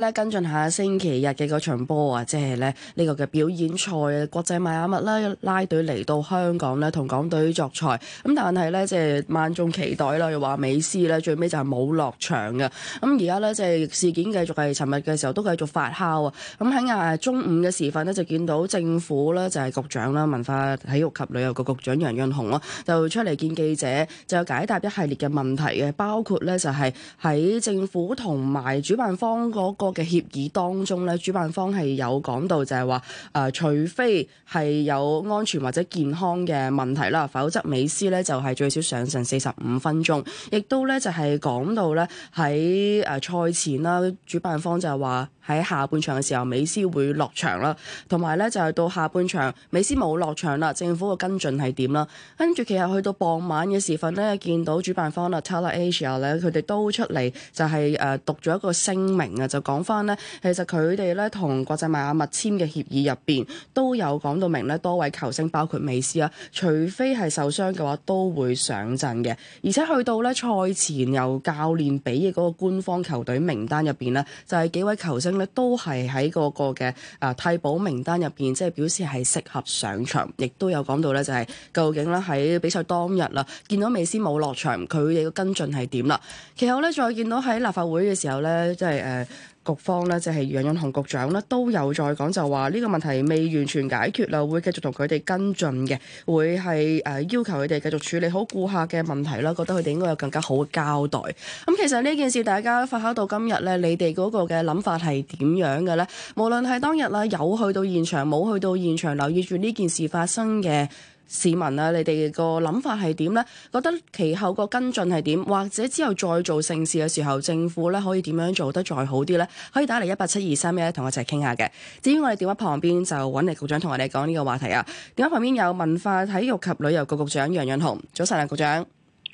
咧跟進下星期日嘅嗰場波啊，即係咧呢個嘅表演賽啊，國際邁阿密啦，拉隊嚟到香港咧，同港隊作賽。咁但係咧，即係萬眾期待啦，又話美斯咧最尾就係冇落場嘅。咁而家咧，即係事件繼續係尋日嘅時候都繼續發酵啊。咁喺啊中午嘅時分呢，就見到政府咧就係、是、局長啦，文化體育及旅遊局局長楊潤雄啊，就出嚟見記者，就解答一系列嘅問題嘅，包括咧就係喺政府同埋主辦方嗰個，嘅協議當中咧，主辦方係有講到就係話誒除非係有安全或者健康嘅問題啦，否則美斯咧就係最少上陣四十五分鐘。亦都咧就係講到咧喺誒賽前啦，主辦方就係話喺下半場嘅時候，美斯會落場啦。同埋咧就係到下半場美斯冇落場啦，政府嘅跟進係點啦？跟住其實去到傍晚嘅時分咧，見到主辦方啊，Tala Asia 咧，佢哋都出嚟就係誒讀咗一個聲明啊，就講。講返呢，其實佢哋咧同國際邁阿密簽嘅協議入邊都有講到明呢，多位球星包括美斯啊，除非係受傷嘅話，都會上陣嘅。而且去到呢賽前由教練俾嘅嗰個官方球隊名單入邊呢，就係、是、幾位球星呢都係喺嗰個嘅啊替補名單入邊，即係表示係適合上場。亦都有講到呢，就係究竟咧喺比賽當日啦，見到美斯冇落場，佢哋嘅跟進係點啦？其後呢，再見到喺立法會嘅時候呢，即係誒。呃局方咧就係楊潤雄局長咧都有再講，就話呢個問題未完全解決啦，會繼續同佢哋跟進嘅，會係誒要求佢哋繼續處理好顧客嘅問題啦，覺得佢哋應該有更加好嘅交代。咁其實呢件事大家發酵到今日咧，你哋嗰個嘅諗法係點樣嘅咧？無論係當日啦有去到現場，冇去到現場留意住呢件事發生嘅。市民啊，你哋個諗法係點呢？覺得其後個跟進係點？或者之後再做盛事嘅時候，政府咧可以點樣做得再好啲呢？可以打嚟一八七二三一，同我一齊傾下嘅。至於我哋電話旁邊就揾嚟局長，同我哋講呢個話題啊。電話旁邊有文化體育及旅遊局局長楊潤雄，早晨啊，局長。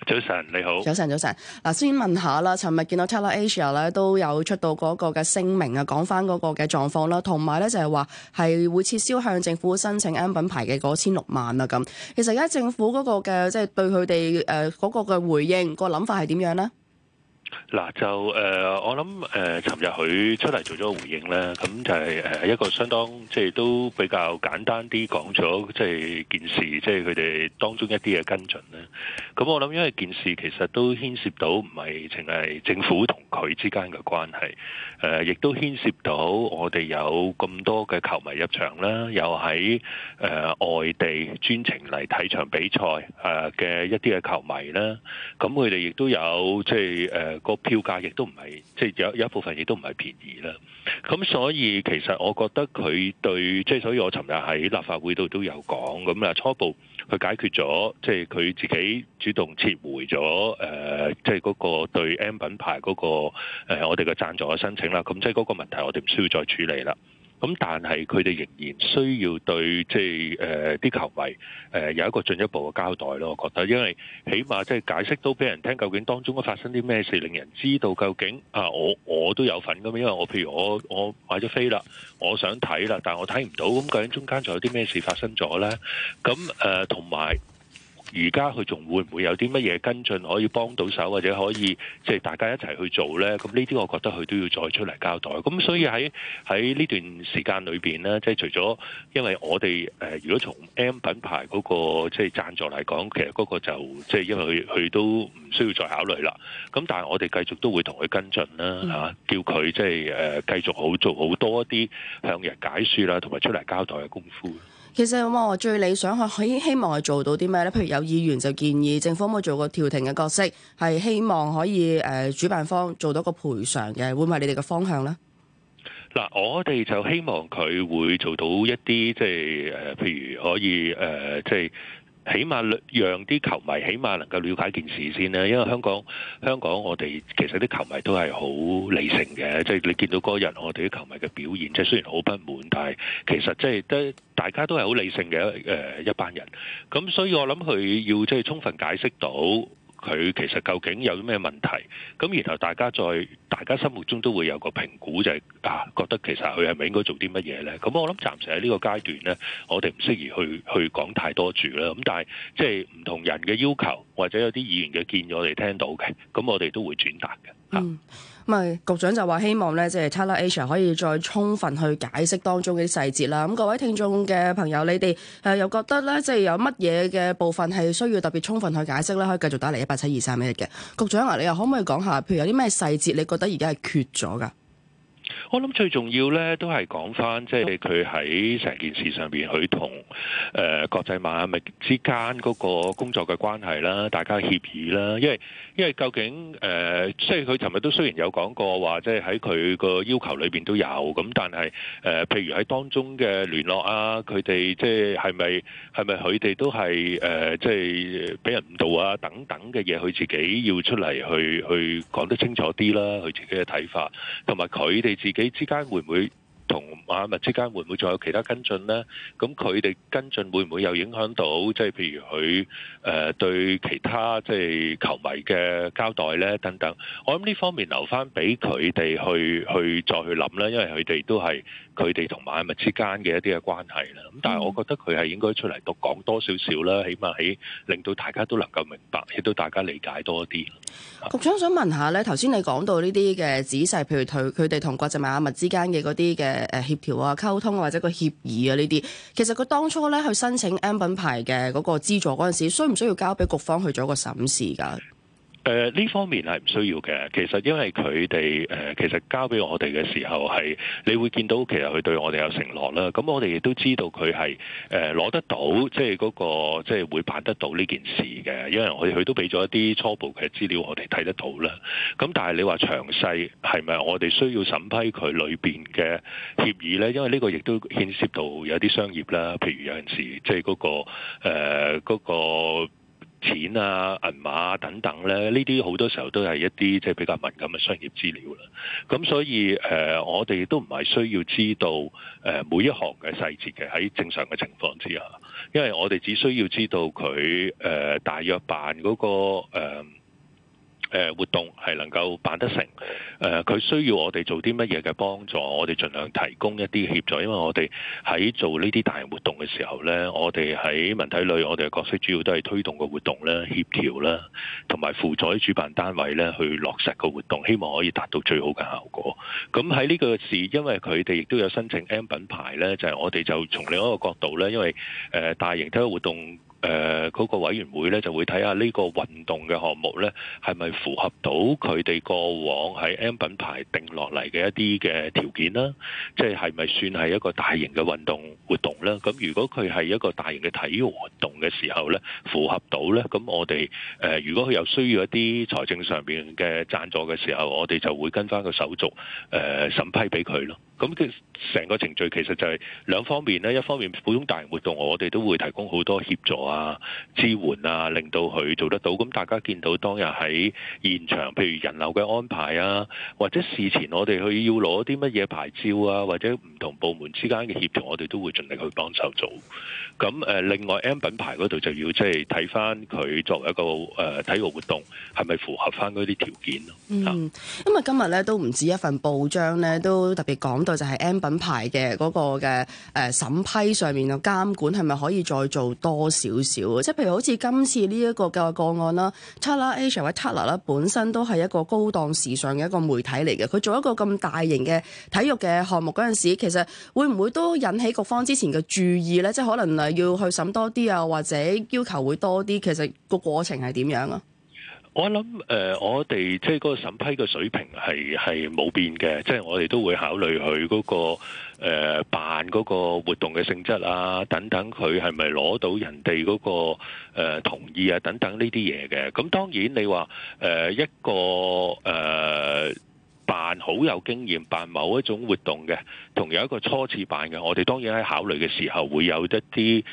早晨，你好。早晨，早晨。嗱，先問下啦，尋日見到 Tatler Asia 咧都有出到嗰個嘅聲明啊，講翻嗰個嘅狀況啦，同埋咧就係話係會撤銷向政府申請 M 品牌嘅嗰千六萬啊咁。其實而家政府嗰個嘅即係對佢哋誒嗰個嘅回應、個諗法係點樣咧？嗱、啊，就誒、呃，我諗誒，尋日佢出嚟做咗個回應呢，咁就係誒一個相當即係、就是、都比較簡單啲講咗，即、就、係、是、件事，即係佢哋當中一啲嘅跟進咧。咁我諗，因為件事其實都牽涉到唔係淨係政府同佢之間嘅關係，誒、呃，亦都牽涉到我哋有咁多嘅球迷入場啦，又喺誒外地專程嚟睇場比賽誒嘅、呃、一啲嘅球迷啦，咁佢哋亦都有即係誒。就是呃個票價亦都唔係，即係有有一部分亦都唔係便宜啦。咁所以其實我覺得佢對，即係所以我尋日喺立法會度都有講咁啦。初步佢解決咗，即係佢自己主動撤回咗誒，即係嗰個對 M 品牌嗰個誒我哋嘅贊助嘅申請啦。咁即係嗰個問題，我哋唔需要再處理啦。咁但係佢哋仍然需要對即係誒啲球迷誒、呃、有一個進一步嘅交代咯，我覺得，因為起碼即係解釋都俾人聽，究竟當中都發生啲咩事，令人知道究竟啊我我都有份㗎嘛，因為我譬如我我買咗飛啦，我想睇啦，但我睇唔到，咁究竟中間仲有啲咩事發生咗咧？咁誒同埋。呃而家佢仲會唔會有啲乜嘢跟進可以幫到手，或者可以即係大家一齊去做呢？咁呢啲我覺得佢都要再出嚟交代。咁所以喺喺呢段時間裏邊呢，即係除咗因為我哋誒，如果從 M 品牌嗰個即係贊助嚟講，其實嗰個就即係因為佢佢都唔需要再考慮啦。咁但係我哋繼續都會同佢跟進啦，嚇叫佢即係誒繼續好做好多一啲向人解説啦，同埋出嚟交代嘅功夫。其實我話最理想可希希望係做到啲咩咧？譬如有議員就建議政府可唔可以做個調停嘅角色，係希望可以誒主辦方做到個賠償嘅，會唔會係你哋嘅方向咧？嗱，我哋就希望佢會做到一啲，即係誒，譬如可以誒，即係。起碼讓啲球迷起碼能夠瞭解件事先啦，因為香港，香港我哋其實啲球迷都係好理性嘅，即係你見到嗰日我哋啲球迷嘅表現，即係雖然好不滿，但係其實即係都大家都係好理性嘅誒一，一班人。咁所以我諗佢要即係充分解釋到。佢其實究竟有啲咩問題？咁然後大家再，大家心目中都會有個評估，就係，啊，覺得其實佢係咪應該做啲乜嘢呢？咁我諗暫時喺呢個階段呢，我哋唔適宜去去講太多住啦。咁但係即係唔同人嘅要求，或者有啲議員嘅建議，我哋聽到，嘅，咁我哋都會轉達嘅嚇。啊嗯咁啊，局長就話希望咧，即係 Tatler Asia 可以再充分去解釋當中嘅啲細節啦。咁各位聽眾嘅朋友，你哋誒又覺得咧，即係有乜嘢嘅部分係需要特別充分去解釋咧？可以繼續打嚟一八七二三一嘅。局長啊，你又可唔可以講下，譬如有啲咩細節你覺得而家係缺咗噶？我諗最重要咧，都係講翻即係佢喺成件事上邊佢同誒國際邁阿密之間嗰個工作嘅關係啦，大家協議啦，因為因為究竟誒，即係佢尋日都雖然有講過話，即係喺佢個要求裏邊都有咁，但係誒，譬如喺當中嘅聯絡啊，佢哋即係係咪係咪佢哋都係誒，即係俾人誤導啊等等嘅嘢，佢自己要出嚟去去講得清楚啲啦，佢自己嘅睇法，同埋佢哋自己。你之間會唔會？同馬阿密之間會唔會仲有其他跟進呢？咁佢哋跟進會唔會有影響到？即係譬如佢誒對其他即係球迷嘅交代呢等等。我諗呢方面留翻俾佢哋去去再去諗啦，因為佢哋都係佢哋同馬阿密之間嘅一啲嘅關係啦。咁但係我覺得佢係應該出嚟都講多少少啦，起碼喺令到大家都能夠明白，亦都大家理解多啲。局長想問下呢，頭先你講到呢啲嘅仔細，譬如佢佢哋同國際馬阿密之間嘅嗰啲嘅。誒協調啊，溝通啊，或者個協議啊，呢啲，其實佢當初咧去申請 M 品牌嘅嗰個資助嗰陣時，需唔需要交俾局方去做一個審視㗎？誒、呃、呢方面係唔需要嘅，其實因為佢哋誒其實交俾我哋嘅時候係，你會見到其實佢對我哋有承諾啦。咁我哋亦都知道佢係誒攞得到，即係嗰個即係、即係、會辦得到呢件事嘅，因為我哋佢都俾咗一啲初步嘅資料我哋睇得到啦。咁但係你話詳細係咪我哋需要審批佢裏面嘅協議呢？因為呢個亦都牽涉到有啲商業啦，譬如有陣時即係嗰個誒嗰個。呃嗰個錢啊、銀碼等等咧，呢啲好多時候都係一啲即係比較敏感嘅商業資料啦。咁所以誒、呃，我哋都唔係需要知道誒、呃、每一行嘅細節嘅，喺正常嘅情況之下，因為我哋只需要知道佢誒、呃、大約辦嗰、嗰個、呃誒活動係能夠辦得成，誒、呃、佢需要我哋做啲乜嘢嘅幫助，我哋盡量提供一啲協助。因為我哋喺做呢啲大型活動嘅時候呢，我哋喺文體旅，我哋嘅角色主要都係推動個活動咧、協調啦，同埋輔助啲主辦單位咧去落實個活動，希望可以達到最好嘅效果。咁喺呢個事，因為佢哋亦都有申請 M 品牌呢就係、是、我哋就從另一個角度呢，因為誒大型體育活動。誒、呃、嗰、那個委員會咧，就會睇下呢個運動嘅項目咧，係咪符合到佢哋過往喺 M 品牌定落嚟嘅一啲嘅條件啦？即係係咪算係一個大型嘅運動活動咧？咁如果佢係一個大型嘅體育活動嘅時候咧，符合到咧，咁我哋、呃、如果佢有需要一啲財政上面嘅贊助嘅時候，我哋就會跟翻個手續、呃、審批俾佢咯。咁佢成個程序其實就係兩方面咧，一方面普通大型活動我哋都會提供好多協助啊、支援啊，令到佢做得到。咁大家見到當日喺現場譬如人流嘅安排啊，或者事前我哋去要攞啲乜嘢牌照啊，或者唔同部門之間嘅協調我哋都會盡力去幫手做。咁誒另外 M 品牌嗰度就要即係睇翻佢作為一個誒體育活動係咪符合翻嗰啲條件咯？嗯，因為今日咧都唔止一份報章咧，都特別講。度就係 M 品牌嘅嗰個嘅誒審批上面嘅監管係咪可以再做多少少？即係譬如好似今次呢一個嘅個案啦，Tala Asia 或者 Tala 啦，本身都係一個高檔時尚嘅一個媒體嚟嘅。佢做一個咁大型嘅體育嘅項目嗰陣時，其實會唔會都引起各方之前嘅注意呢？即係可能啊，要去審多啲啊，或者要求會多啲。其實個過程係點樣啊？我諗誒、呃，我哋即係嗰個審批嘅水平係係冇變嘅，即係我哋都會考慮佢嗰個誒、呃、辦嗰個活動嘅性質啊，等等佢係咪攞到人哋嗰個誒、呃、同意啊，等等呢啲嘢嘅。咁當然你話誒、呃、一個誒。呃辦好有經驗，辦某一種活動嘅，同有一個初次辦嘅，我哋當然喺考慮嘅時候會有一啲誒，即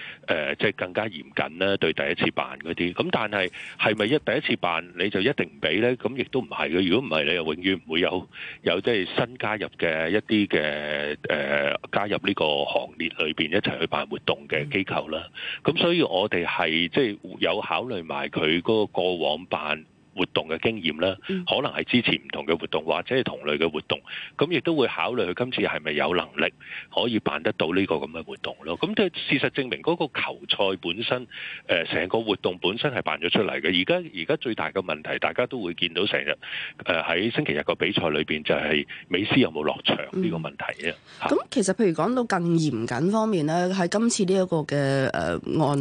係更加嚴謹啦，對第一次辦嗰啲。咁但係係咪一第一次辦你就一定唔俾呢？咁亦都唔係嘅。如果唔係，你又永遠唔會有有即係新加入嘅一啲嘅誒加入呢個行列裏邊一齊去辦活動嘅機構啦。咁所以我哋係即係有考慮埋佢嗰個過往辦活動嘅經驗啦，可能係支持唔同嘅活動，或者係同類嘅活動，咁亦都會考慮佢今次係咪有能力可以辦得到呢個咁嘅活動咯。咁即係事實證明嗰個球賽本身，誒成個活動本身係辦咗出嚟嘅。而家而家最大嘅問題，大家都會見到成日誒喺星期日個比賽裏邊就係美斯有冇落場呢個問題啊。咁、嗯、其實譬如講到更嚴謹方面咧，喺今次呢一個嘅誒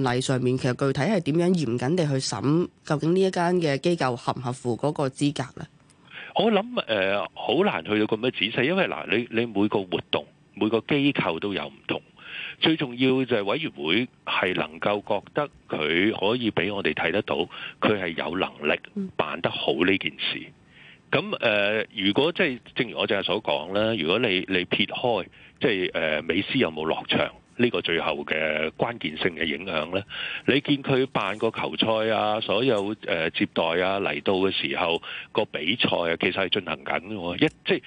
案例上面，其實具體係點樣嚴謹地去審究竟呢一間嘅機構合唔合乎嗰個資格咧？我諗誒好難去到咁樣仔細，因為嗱，你你每個活動每個機構都有唔同，最重要就係委員會係能夠覺得佢可以俾我哋睇得到，佢係有能力辦得好呢件事。咁、嗯、誒、呃、如果即係正如我就係所講啦，如果你你撇開即係誒、呃、美斯有冇落場。呢、這個最後嘅關鍵性嘅影響咧，你見佢辦個球賽啊，所有誒、呃、接待啊嚟到嘅時候，個比賽啊其實係進行緊嘅、啊，一即係、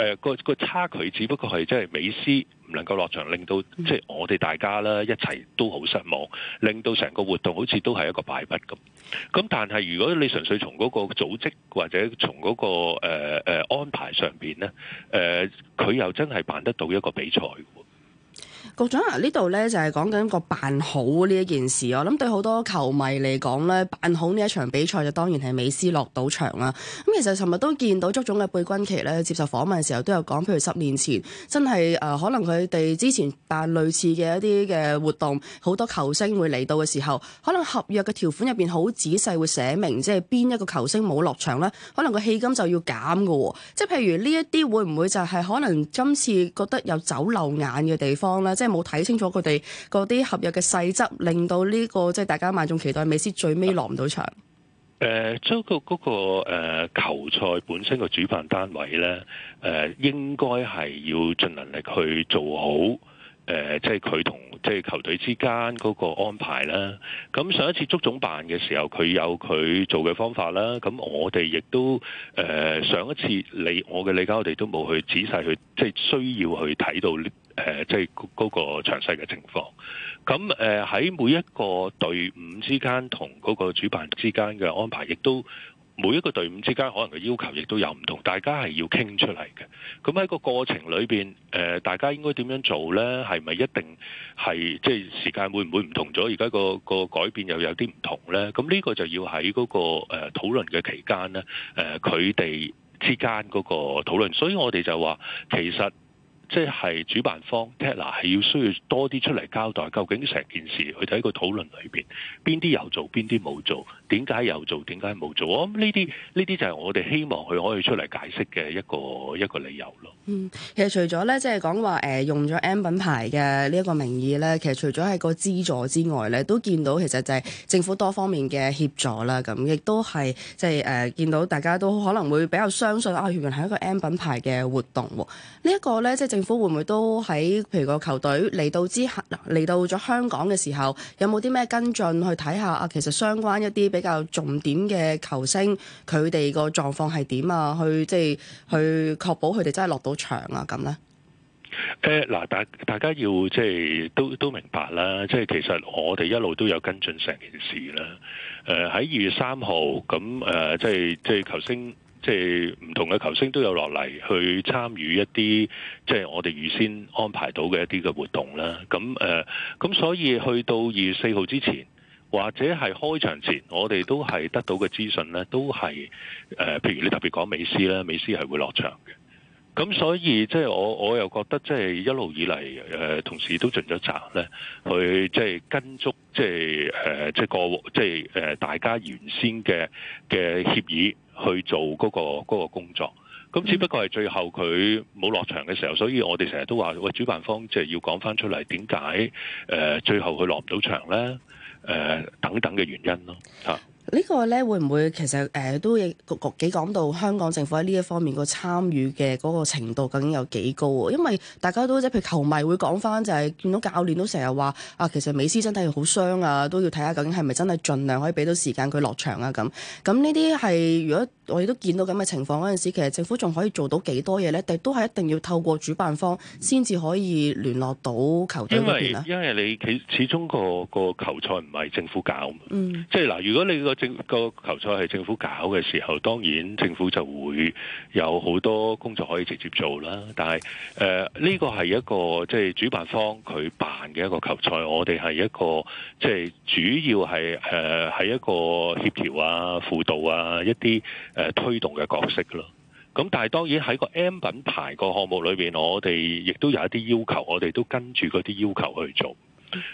呃、個個差距，只不過係即係美斯唔能夠落場令到即係我哋大家啦一齊都好失望，令到成個活動好似都係一個敗筆咁。咁但係如果你純粹從嗰個組織或者從嗰、那個誒誒、呃呃、安排上面咧，誒、呃、佢又真係辦得到一個比賽、啊。局長啊，呢度呢就係講緊個辦好呢一件事。我諗對好多球迷嚟講呢，辦好呢一場比賽就當然係美斯落到場啦。咁其實尋日都見到足總嘅貝君奇呢，接受訪問嘅時候都有講，譬如十年前真係誒、呃，可能佢哋之前辦類似嘅一啲嘅活動，好多球星會嚟到嘅時候，可能合約嘅條款入面好仔細會寫明，即係邊一個球星冇落場啦，可能個戲金就要減㗎喎。即係譬如呢一啲會唔會就係可能今次覺得有走漏眼嘅地方呢？即冇睇清楚佢哋嗰啲合約嘅細則令到呢個即係大家萬眾期待美斯最尾落唔到場。誒，包括嗰個誒球賽本身個主辦單位咧，誒應該係要盡能力去做好誒即係佢同即係球隊之間嗰個安排啦。咁上一次足總辦嘅時候，佢有佢做嘅方法啦。咁我哋亦都誒上一次你我嘅理解我哋都冇去仔細去即係需要去睇到。誒、就是，即係嗰個詳細嘅情況。咁誒，喺每一個隊伍之間同嗰個主辦之間嘅安排，亦都每一個隊伍之間可能嘅要求，亦都有唔同。大家係要傾出嚟嘅。咁喺個過程裏邊，誒，大家應該點樣做咧？係咪一定係即係時間會唔會唔同咗？而家，個，個改變又有啲唔同咧？咁呢個就要喺嗰個誒討論嘅期間咧，誒，佢哋之間嗰個討論。所以我哋就話，其實。即係主辦方 Teller 係要需要多啲出嚟交代，究竟成件事去睇個討論裏邊邊啲有做，邊啲冇做，點解有做，點解冇做？我諗呢啲呢啲就係我哋希望佢可以出嚟解釋嘅一個一個理由咯。嗯，其實除咗咧，即係講話誒用咗 M 品牌嘅呢一個名義咧，其實除咗喺個資助之外咧，都見到其實就係政府多方面嘅協助啦。咁亦都係即係誒見到大家都可能會比較相信啊，原來係一個 M 品牌嘅活動喎。這個，呢一個咧，即、就、係、是政府會唔會都喺譬如個球隊嚟到之後，嚟到咗香港嘅時候，有冇啲咩跟進去睇下啊？其實相關一啲比較重點嘅球星，佢哋個狀況係點啊？去即係去確保佢哋真係落到場啊？咁咧？誒、呃、嗱，大大家要即係、即係、都都明白啦。即係其實我哋一路都有跟進成件事啦。誒喺二月三號咁誒，即係即係球星。即係唔同嘅球星都有落嚟去參與一啲即係我哋預先安排到嘅一啲嘅活動啦。咁咁、呃、所以去到二月四號之前，或者係開場前，我哋都係得到嘅資訊呢，都係呃、譬如你特別講美斯啦，美斯係會落場嘅。咁所以即係、就是、我我又覺得即係、就是、一路以嚟、呃、同時都盡咗責咧，去即係、就是、跟足即係誒，即係個即係誒大家原先嘅嘅協議。去做嗰個嗰個工作，咁只不過係最後佢冇落場嘅時候，所以我哋成日都話：喂，主辦方即係要講翻出嚟，點解誒最後佢落唔到場咧？誒、呃、等等嘅原因咯，這個、呢個咧會唔會其實誒、呃、都亦局局幾講到香港政府喺呢一方面個參與嘅嗰個程度究竟有幾高？因為大家都即係譬如球迷會講返、就是，就係見到教練都成日話啊，其實美斯真係好傷啊，都要睇下究竟係咪真係盡量可以俾到時間佢落場啊咁。咁呢啲係如果我哋都見到咁嘅情況嗰陣時，其實政府仲可以做到幾多嘢咧？但都係一定要透過主辦方先至可以聯絡到球隊啦。因為，因為你始終個個球賽唔係政府搞、嗯，即係嗱、啊，如果你個政個球賽係政府搞嘅時候，當然政府就會有好多工作可以直接做啦。但係誒呢個係一個即係、就是、主辦方佢辦嘅一個球賽，我哋係一個即係、就是、主要係誒係一個協調啊、輔導啊一啲誒、呃、推動嘅角色咯。咁但係當然喺個 M 品牌個項目裏邊，我哋亦都有一啲要求，我哋都跟住嗰啲要求去做。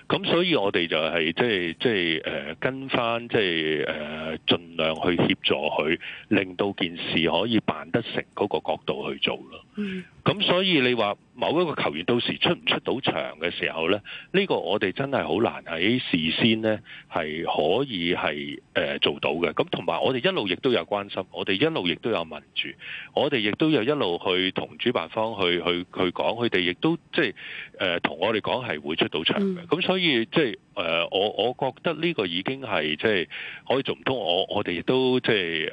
咁所以我哋就係即係即係誒跟翻，即係誒盡量去協助佢，令到件事可以辦得成嗰個角度去做咯。嗯，咁所以你話某一個球員到時出唔出到場嘅時候咧，呢、呢個我哋真係好難喺事先咧係可以係誒、呃、做到嘅。咁同埋我哋一路亦都有關心，我哋一路亦都有問住，我哋亦都有一路去同主辦方去去去講，佢哋亦都即係誒同我哋講係會出到場嘅。咁、嗯、所以即係誒，我、就是呃、我覺得呢個已經係即係可以做唔通，我我哋亦都即係誒，亦、就是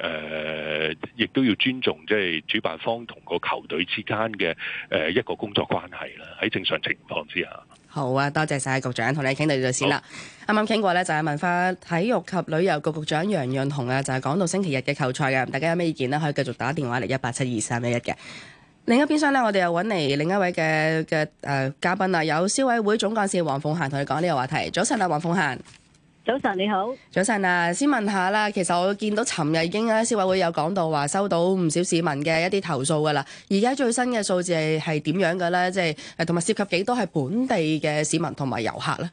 呃、都要尊重即係、就是、主辦方同個球隊之間嘅誒一個工作關係啦，喺正常情況之下。好啊，多謝晒局長，同你傾到呢度先啦。啱啱傾過咧，就係文化、體育及旅遊局局長楊潤雄啊，就係、是、講到星期日嘅球賽嘅，大家有咩意見呢？可以繼續打電話嚟一八七二三一一嘅。另一邊廂呢，我哋又揾嚟另一位嘅嘅誒嘉賓啊，有消委會總幹事黃鳳嫺同你講呢個話題。早晨啊，黃鳳嫺。早晨你好，早晨啊，先問下啦，其實我見到尋日已經咧，消委會有講到話收到唔少市民嘅一啲投訴噶啦，而家最新嘅數字係點樣嘅咧？即係誒，同埋涉及幾多係本地嘅市民同埋遊客咧？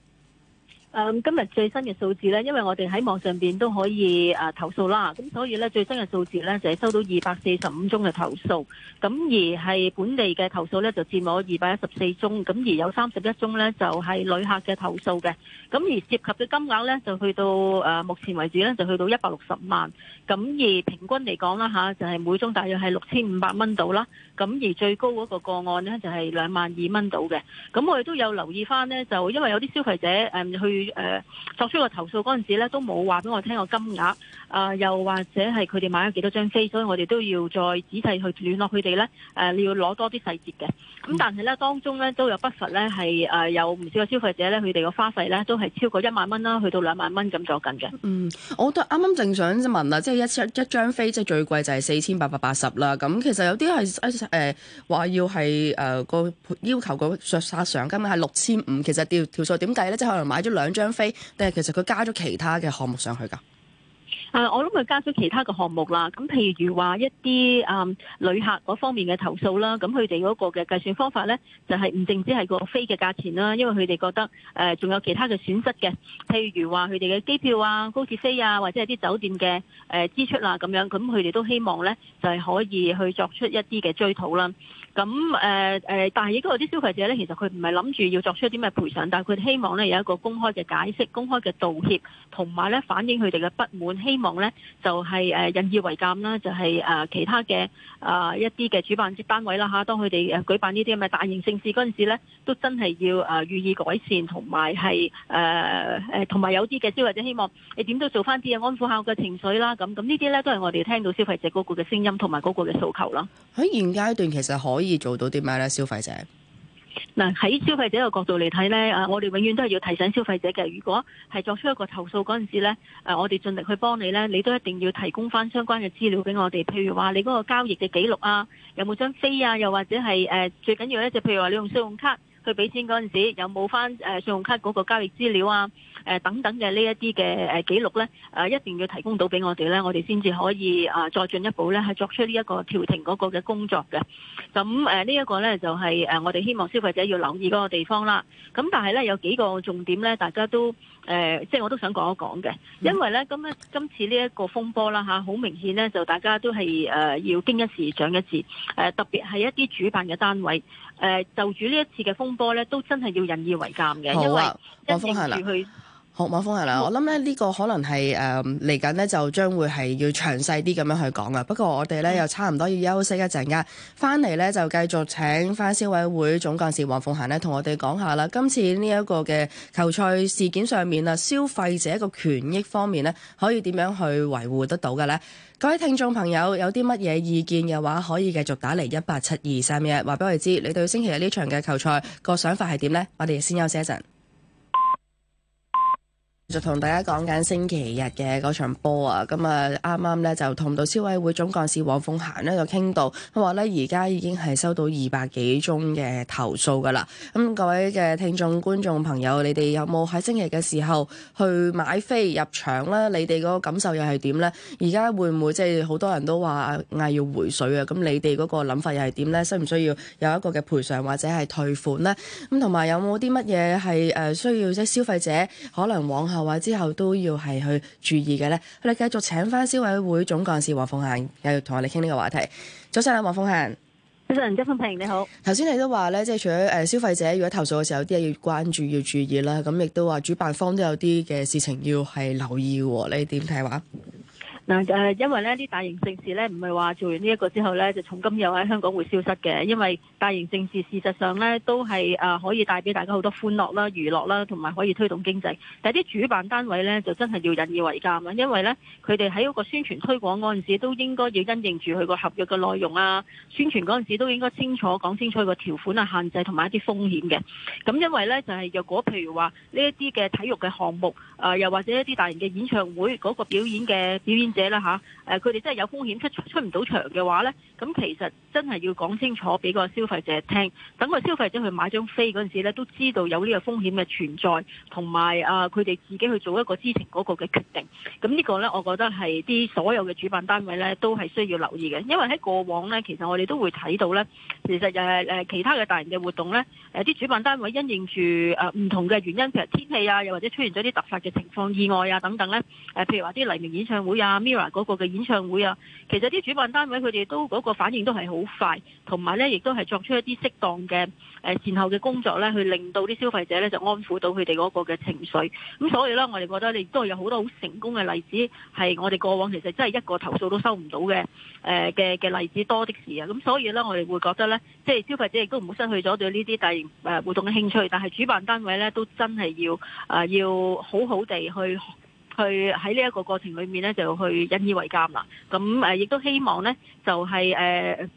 誒今日最新嘅數字咧，因為我哋喺網上邊都可以誒投訴啦，咁所以咧最新嘅數字咧就係收到二百四十五宗嘅投訴，咁而係本地嘅投訴咧就佔咗二百一十四宗，咁而有三十一宗咧就係旅客嘅投訴嘅，咁而涉及嘅金額咧就去到誒目前為止咧就去到一百六十萬，咁而平均嚟講啦吓，就係每宗大約係六千五百蚊到啦，咁而最高嗰個個案咧就係兩萬二蚊到嘅，咁我哋都有留意翻咧，就因為有啲消費者誒去。佢誒作出個投訴嗰陣時咧，都冇話俾我聽個金額啊、呃，又或者係佢哋買咗幾多張飛，所以我哋都要再仔細去聯絡佢哋咧。你、呃、要攞多啲細節嘅。咁但係咧，當中咧都有、呃、有不乏咧，係誒有唔少嘅消費者咧，佢哋個花費咧都係超過一萬蚊啦，去到兩萬蚊咁左近嘅。嗯，我覺得啱啱正想問啊，即係一張一張飛即係最貴就係四千八百八十啦。咁其實有啲係誒話要係誒個要求個上上上，咁係六千五。其實條條數點計咧？即係可能買咗兩張飛，定係其實佢加咗其他嘅項目上去噶。誒，我諗佢加咗其他嘅項目啦。咁譬如話一啲誒旅客嗰方面嘅投訴啦，咁佢哋嗰個嘅計算方法呢，就係唔淨止係個飛嘅價錢啦，因為佢哋覺得誒仲有其他嘅損失嘅。譬如話佢哋嘅機票啊、高鐵飛啊，或者係啲酒店嘅誒支出啦咁樣，咁佢哋都希望呢，就係可以去作出一啲嘅追討啦。咁誒誒，但係而家嗰啲消費者咧，其實佢唔係諗住要作出一啲咩賠償，但係佢希望咧有一個公開嘅解釋、公開嘅道歉，同埋咧反映佢哋嘅不滿，希望咧就係誒引以為鑑啦，就係、是、誒其他嘅啊一啲嘅主辦單位啦吓、啊，當佢哋誒舉辦呢啲咁嘅大型盛事嗰陣時咧，都真係要誒予以改善，同埋係誒誒同埋有啲嘅、啊、消費者希望，你點都做翻啲嘢安撫下我嘅情緒啦。咁咁呢啲咧都係我哋聽到消費者嗰個嘅聲音同埋嗰個嘅訴求啦。喺現階段其實可以。可以做到啲咩咧？消費者嗱喺消費者嘅角度嚟睇咧，啊，我哋永遠都係要提醒消費者嘅。如果係作出一個投訴嗰陣時咧，誒，我哋盡力去幫你咧，你都一定要提供翻相關嘅資料俾我哋。譬如話你嗰個交易嘅記錄啊，有冇張飛啊？又或者係誒最緊要咧，就譬如話你用信用卡去俾錢嗰陣時，有冇翻誒信用卡嗰個交易資料啊？誒等等嘅呢一啲嘅誒記錄咧，誒一定要提供到俾我哋咧，我哋先至可以啊再進一步咧係作出呢一個調停嗰個嘅工作嘅。咁、嗯、誒、啊這個、呢一個咧就係、是、誒、啊、我哋希望消費者要留意嗰個地方啦。咁、啊、但係咧有幾個重點咧，大家都誒、啊、即係我都想講一講嘅，因為咧咁、啊、今次呢一個風波啦嚇，好、啊、明顯咧就大家都係誒、啊、要經一事長一智誒、啊、特別係一啲主辦嘅單位，誒、啊、就住呢一次嘅風波咧，都真係要引以為鑑嘅、啊，因為跟住去。好，黃鳳嫺啦，我諗咧呢個可能係誒嚟緊呢，嗯、就將會係要詳細啲咁樣去講啦。不過我哋呢、嗯，又差唔多要休息一陣間，翻嚟呢，就繼續請翻消委會總幹事黃鳳嫺呢，同我哋講下啦。今次呢一個嘅球賽事件上面啊，消費者個權益方面呢，可以點樣去維護得到嘅呢？各位聽眾朋友有啲乜嘢意見嘅話，可以繼續打嚟一八七二三一，話俾我哋知你對星期日呢場嘅球賽個想法係點呢？我哋先休息一陣。就同大家講緊星期日嘅嗰場波啊，咁啊，啱啱咧就同到消委會總幹事黃鳳嫺咧就傾到，佢話咧而家已經係收到二百幾宗嘅投訴噶啦。咁各位嘅聽眾觀眾朋友，你哋有冇喺星期嘅時候去買飛入場咧？你哋嗰個感受又係點咧？而家會唔會即係好多人都話嗌要回水啊？咁你哋嗰個諗法又係點咧？需唔需要有一個嘅賠償或者係退款咧？咁同埋有冇啲乜嘢係誒需要即係消費者可能往後？話之後都要係去注意嘅咧，我哋繼續請翻消委會總幹事黃鳳嫺，繼續同我哋傾呢個話題。早晨啊，黃鳳嫺，早晨，張分平，你好。頭先你都話咧，即係除咗誒消費者如果投訴嘅時候，有啲嘢要關注要注意啦，咁亦都話主辦方都有啲嘅事情要係留意喎。你點睇話？嗱、呃、因為呢啲大型盛事呢，唔係話做完呢一個之後呢，就從今又喺香港會消失嘅，因為大型盛事事實上呢，都係誒、呃、可以帶俾大家好多歡樂啦、娛樂啦，同埋可以推動經濟。但係啲主辦單位呢，就真係要引以為戒啊，因為呢，佢哋喺嗰個宣傳推廣嗰陣時都應該要因應住佢個合約嘅內容啊，宣傳嗰陣時都應該清楚講清楚個條款啊、限制同埋一啲風險嘅。咁因為呢，就係、是、若果譬如話呢一啲嘅體育嘅項目，誒、呃、又或者一啲大型嘅演唱會嗰個表演嘅表演。啦嚇，誒佢哋真係有風險出出唔到場嘅話呢，咁其實真係要講清楚俾個消費者聽，等個消費者去買張飛嗰陣時呢，都知道有呢個風險嘅存在，同埋啊佢哋自己去做一個知情嗰個嘅決定。咁呢個呢，我覺得係啲所有嘅主辦單位呢都係需要留意嘅，因為喺過往呢，其實我哋都會睇到呢，其實誒誒其他嘅大型嘅活動呢，誒啲主辦單位因應住誒唔同嘅原因，譬如天氣啊，又或者出現咗啲突發嘅情況、意外啊等等呢，誒譬如話啲黎明演唱會啊。嗰、那個嘅演唱會啊，其實啲主辦單位佢哋都嗰個反應都係好快，同埋呢亦都係作出一啲適當嘅誒善後嘅工作呢，去令到啲消費者呢就安撫到佢哋嗰個嘅情緒。咁所以呢，我哋覺得亦都有好多好成功嘅例子，係我哋過往其實真係一個投訴都收唔到嘅誒嘅嘅例子多的是啊。咁所以呢，我哋會覺得呢，即係消費者亦都唔好失去咗對呢啲大型誒活動嘅興趣，但係主辦單位呢，都真係要啊、呃、要好好地去。去喺呢一個過程裏面咧，就去引以為鑒啦。咁誒，亦都希望咧、就係，就、呃、係。誒。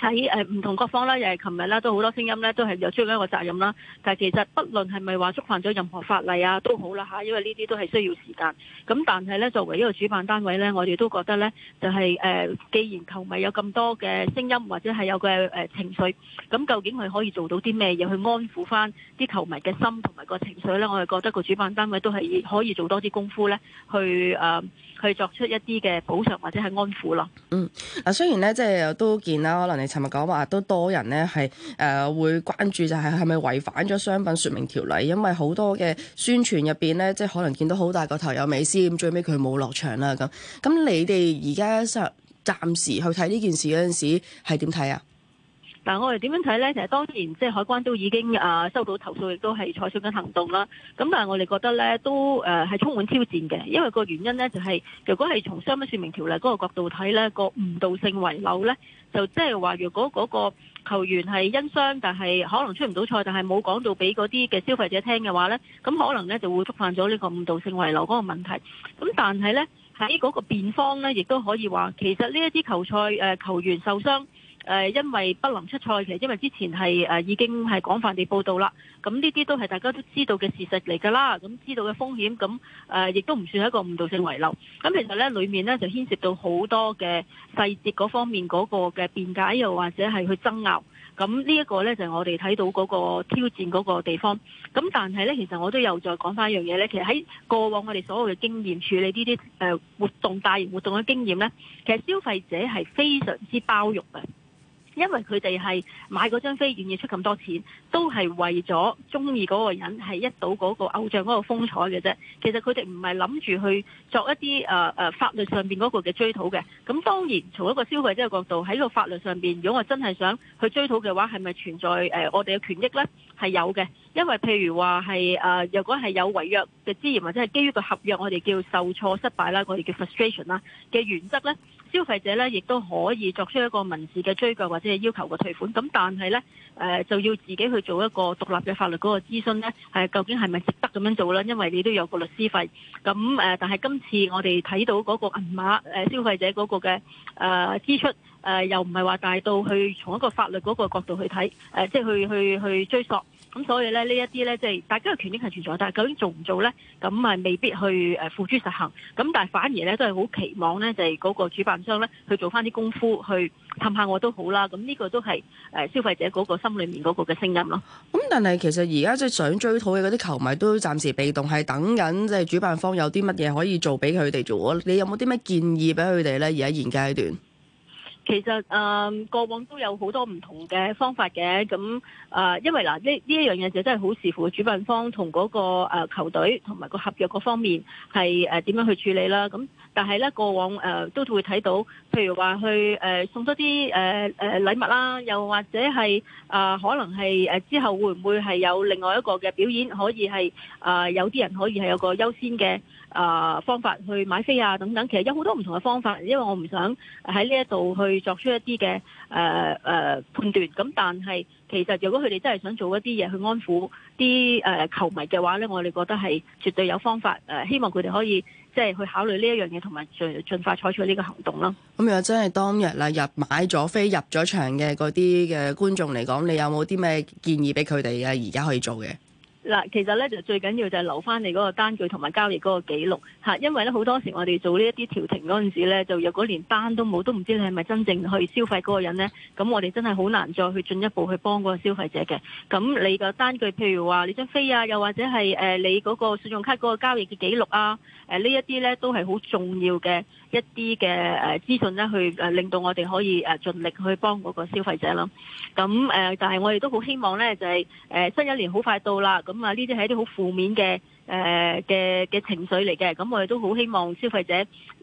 喺誒唔同各方啦，又係琴日啦，都好多聲音咧，都係有追究一個責任啦。但係其實不論係咪話觸犯咗任何法例啊，都好啦嚇，因為呢啲都係需要時間。咁但係咧，作為一個主辦單位咧，我哋都覺得咧，就係、是、誒，既然球迷有咁多嘅聲音或者係有嘅誒情緒，咁究竟佢可以做到啲咩嘢去安撫翻啲球迷嘅心同埋個情緒咧？我哋覺得個主辦單位都係可以做多啲功夫咧，去誒、呃、去作出一啲嘅補償或者係安撫咯。嗯，嗱雖然咧，即係都見啦，可能尋日講話都多人咧，係、呃、誒會關注，就係係咪違反咗商品説明條例？因為好多嘅宣傳入邊咧，即係可能見到好大個頭有美斯，咁最尾佢冇落場啦。咁咁，那你哋而家暫暫時去睇呢件事嗰陣時係點睇啊？但係我哋點樣睇呢？其實當然，即係海關都已經啊收到投訴，亦都係採取緊行動啦。咁但係我哋覺得呢都誒係、呃、充滿挑戰嘅，因為個原因呢就係、係、如果係從商品説明條例嗰個角度睇呢，個誤導性遺漏呢，就即係話如果嗰個球員係因傷，但係可能出唔到賽，但係冇講到俾嗰啲嘅消費者聽嘅話呢，咁可能呢就會觸犯咗呢個誤導性遺漏嗰個問題。咁但係呢，喺嗰個辯方呢，亦都可以話，其實呢一啲球賽、呃、球員受傷。誒、呃，因為不能出賽，其實因為之前係誒、呃、已經係廣泛地報道啦。咁呢啲都係大家都知道嘅事實嚟㗎啦。咁知道嘅風險，咁誒亦都唔算係一個誤導性遺漏。咁其實咧，裏面咧就牽涉到好多嘅細節嗰方面嗰個嘅辯解，又或者係去爭拗。咁呢一個咧就係、是、我哋睇到嗰個挑戰嗰個地方。咁但係咧，其實我都有再講返一樣嘢咧。其實喺過往我哋所有嘅經驗處理呢啲誒活動大型活動嘅經驗咧，其實消費者係非常之包容嘅。因為佢哋係買嗰張飛願意出咁多錢，都係為咗鍾意嗰個人係一睹嗰個偶像嗰個風采嘅啫。其實佢哋唔係諗住去作一啲誒、呃、法律上面嗰個嘅追討嘅。咁當然從一個消費者嘅角度喺個法律上面，如果我真係想去追討嘅話，係咪存在誒、呃、我哋嘅權益呢？係有嘅，因為譬如話係誒，若、呃、果係有違約嘅資源，或者係基於個合約，我哋叫受挫失敗啦，我哋叫 frustration 啦嘅原則呢，消費者呢，亦都可以作出一個民事嘅追究即、就、係、是、要求個退款，咁但係呢，誒、呃、就要自己去做一個獨立嘅法律嗰個諮詢呢，係、啊、究竟係咪值得咁樣做呢？因為你都有個律師費，咁誒、啊，但係今次我哋睇到嗰個銀碼消費者嗰個嘅誒、啊、支出誒、啊，又唔係話大到去從一個法律嗰個角度去睇誒，即、啊、係、就是、去去去追索。咁所以咧，呢一啲咧，即係大家嘅權益係存在，但究竟做唔做咧，咁啊未必去付諸實行。咁但係反而咧，都係好期望咧，就係、是、嗰個主辦商咧，去做翻啲功夫去氹下我都好啦。咁呢個都係消費者嗰個心裏面嗰個嘅聲音咯。咁、嗯、但係其實而家即係想追討嘅嗰啲球迷都暫時被動，係等緊，即係主辦方有啲乜嘢可以做俾佢哋做。你有冇啲咩建議俾佢哋咧？而家現階段？其實誒過往都有好多唔同嘅方法嘅，咁誒因為嗱呢呢一樣嘢就真係好視乎主辦方同嗰個誒球隊同埋個合約各方面係誒點樣去處理啦。咁但係呢，過往誒都會睇到，譬如話去誒送多啲誒誒禮物啦，又或者係啊可能係誒之後會唔會係有另外一個嘅表演可以係啊有啲人可以係有個優先嘅。啊、呃，方法去買飛啊，等等，其實有好多唔同嘅方法，因為我唔想喺呢一度去作出一啲嘅誒誒判斷。咁但係其實如果佢哋真係想做一啲嘢去安撫啲誒、呃、球迷嘅話咧，我哋覺得係絕對有方法。誒、呃，希望佢哋可以即係、就是、去考慮呢一樣嘢，同埋盡儘快採取呢個行動咯。咁如果真係當日啊入買咗飛入咗場嘅嗰啲嘅觀眾嚟講，你有冇啲咩建議俾佢哋啊？而家可以做嘅？嗱，其實咧就最緊要就係留翻你嗰個單據同埋交易嗰個記錄，嚇，因為咧好多時我哋做呢一啲調停嗰陣時咧，就如果連單都冇，都唔知你係咪真正去消費嗰個人咧，咁我哋真係好難再去進一步去幫嗰個消費者嘅。咁你個單據，譬如話你張飛啊，又或者係誒你嗰個信用卡嗰個交易嘅記錄啊。誒呢一啲呢都係好重要嘅一啲嘅誒資訊呢去令到我哋可以誒盡力去幫嗰個消費者囉。咁誒，但係我哋都好希望呢，就係誒新一年好快到啦。咁啊，呢啲係一啲好負面嘅誒嘅嘅情緒嚟嘅，咁我哋都好希望消費者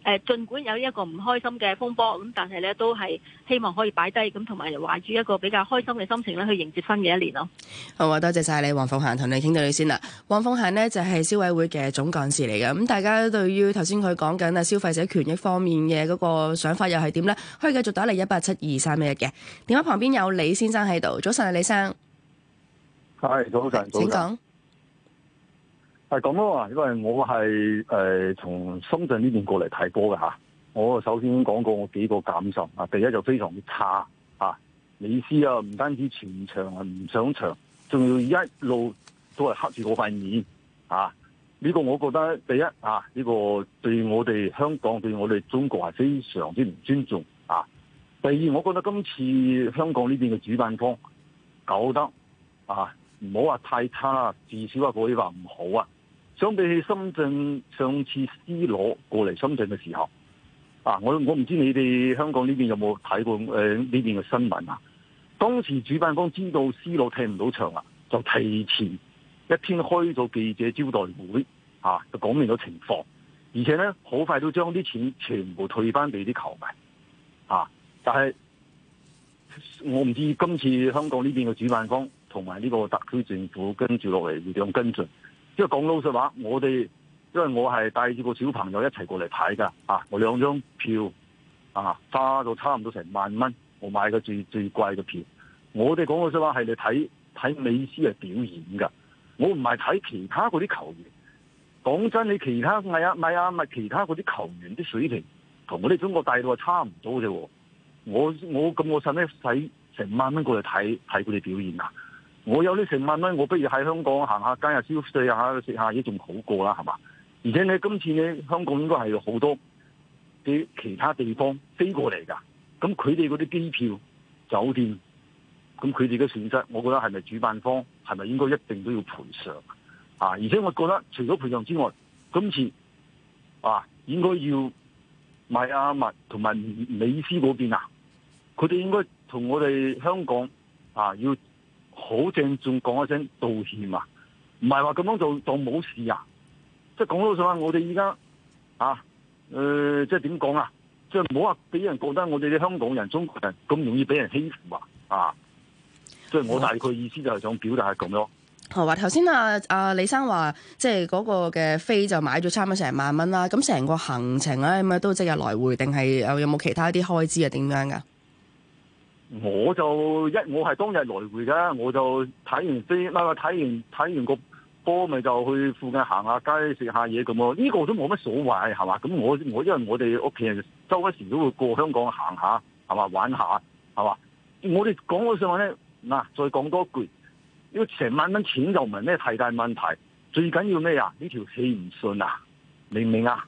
誒，儘管有一個唔開心嘅風波，咁但係呢都係希望可以擺低，咁同埋懷住一個比較開心嘅心情咧，去迎接新嘅一年咯。好，多謝晒你，黃鳳嫺同你傾到你先啦。黃鳳嫺呢就係消委會嘅總幹事嚟嘅。咁大家對於頭先佢講緊啊消費者權益方面嘅嗰個想法又係點呢？可以繼續打嚟一八七二三一一嘅電話。旁邊有李先生喺度，早晨啊，李先生。係早晨，早晨。請講。係咁咯，因為我係誒從深圳呢邊過嚟睇波嘅吓。我首先講過我幾個感受啊。第一就非常之差啊。美斯啊，唔單止前場係唔上場，仲要一路都係黑住我塊面啊。呢個我覺得第一啊，呢個對我哋香港、對我哋中國係非常之唔尊重啊。第二，我覺得今次香港呢邊嘅主辦方搞得啊，唔好話太差，至少啊可以話唔好啊。相比起深圳上次 C 羅過嚟深圳嘅時候，啊，我我唔知你哋香港呢邊有冇睇過誒呢邊嘅新聞啊？當時主辦方知道 C 羅踢唔到場啦，就提前一天開咗記者招待會，啊，就講明咗情況，而且咧好快都將啲錢全部退翻俾啲球迷，啊，但係我唔知今次香港呢邊嘅主辦方同埋呢個特區政府跟住落嚟會點樣跟進。因為講老實話，我哋因為我係帶住個小朋友一齊過嚟睇噶，啊，我兩張票啊，花咗差唔多成萬蚊，我買個最最貴嘅票。我哋講老實話，係你睇睇美斯嘅表演噶，我唔係睇其他嗰啲球員。講真，你其他唔係啊唔係啊唔係、啊啊、其他嗰啲球員啲水平，同我哋中國大陸係差唔多啫。我我咁我使咩使成萬蚊過嚟睇睇佢哋表演啊？我有啲成萬蚊，我不如喺香港行下街啊，消費下食下嘢仲好過啦，係嘛？而且你今次呢，香港應該係好多啲其他地方飛過嚟噶，咁佢哋嗰啲機票、酒店，咁佢哋嘅損失，我覺得係咪主辦方係咪應該一定都要賠償啊？而且我覺得除咗賠償之外，今次啊應該要邁阿密同埋美斯嗰邊啊，佢哋應該同我哋香港啊要，好鄭重講一聲道歉啊！唔係話咁樣做做冇事啊！即係講老實話，我哋依家啊，誒、呃，即係點講啊？即係唔好話俾人覺得我哋啲香港人、中國人咁容易俾人欺負啊！啊，即係我大概意思就係想表達係咁咯。好、哦、啊！頭、哦、先阿李生話，即係嗰個嘅飛就買咗差唔多成萬蚊啦，咁成個行程咧咁啊，都即日來回，定係有有冇其他一啲開支啊？點樣㗎？我就一我係當日來回噶，我就睇完飛，睇完睇完個波，咪就去附近行下街食下嘢咁咯。呢個都冇乜所謂，係嘛？咁我我因為我哋屋企人周不時都會過香港行下，係嘛玩下，係嘛？我哋講嗰個說話咧，嗱再講多句，呢個成萬蚊錢就唔係咩太大問題，最緊要咩啊？呢條氣唔順啊，明唔明啊？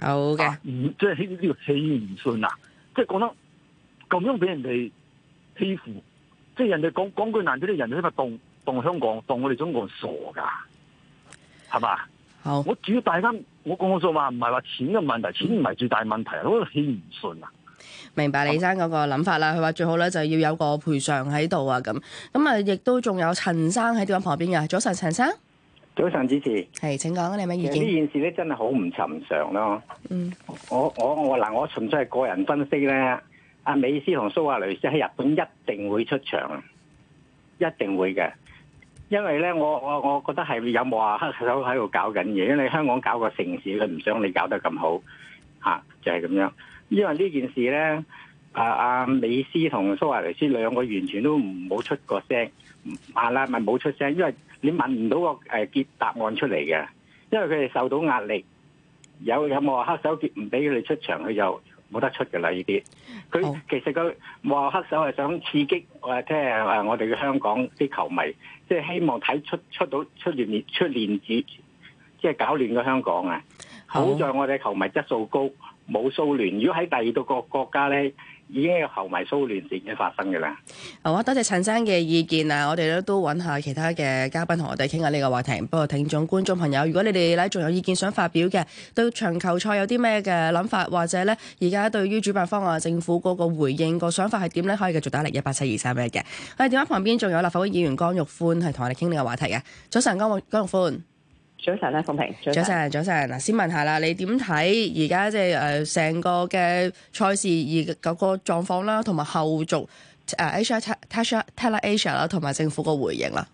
好嘅，唔即係呢條氣唔順啊，即係講得咁樣俾人哋，欺負，即係人哋講講句難聽啲，人哋咪當當香港，當我哋中國傻噶，係嘛？好，我主要大家，我我我話唔係話錢嘅問題，錢唔係最大問題，我都氣唔順啊。明白李生嗰個諗法啦，佢、啊、話最好咧就要有個賠償喺度啊，咁咁啊，亦都仲有陳生喺電話旁邊嘅。早晨陳生，早晨主持，係，請講，你有咩意見？呢、呃、件事咧真係好唔尋常咯。嗯，我我我嗱，我純、呃、粹係個人分析咧。阿美斯同蘇亞雷斯喺日本一定會出場，一定會嘅，因為咧，我我我覺得係有冇話黑手喺度搞緊嘢，因為香港搞個城市，佢唔想你搞得咁好，吓、啊、就係、是、咁樣。因為呢件事咧，阿、啊、阿美斯同蘇亞雷斯兩個完全都唔冇出過聲，阿、啊、拉咪冇出聲，因為你問唔到個誒結答案出嚟嘅，因為佢哋受到壓力，有有冇話黑手結唔俾佢哋出場，佢就。冇得出嘅啦，呢啲佢其實佢話黑手係想刺激，誒，即係誒，我哋嘅香港啲球迷，即係希望睇出出到出年出年戰，即係搞亂個香港啊！好、oh. 在我哋球迷質素高，冇騷亂。如果喺第二個國國家咧。已經有球迷騷亂事件發生嘅啦。好啊，多謝陳生嘅意見啊！我哋咧都揾下其他嘅嘉賓同我哋傾下呢個話題。不過聽眾、觀眾朋友，如果你哋咧仲有意見想發表嘅，對長球賽有啲咩嘅諗法，或者咧而家對於主辦方啊、政府嗰個回應個想法係點咧，可以繼續打嚟一八七二三一嘅。喺電話旁邊仲有立法會議員江玉歡，係同我哋傾呢個話題嘅。早晨，江，江玉歡。早晨啦，鳳嫺。早晨，早晨嗱，先問下啦，你點睇而家即係誒成個嘅賽事而嗰個狀況啦，同埋後續誒、啊、Asia、Tatler、Asia 啦，同埋政府個回應啦。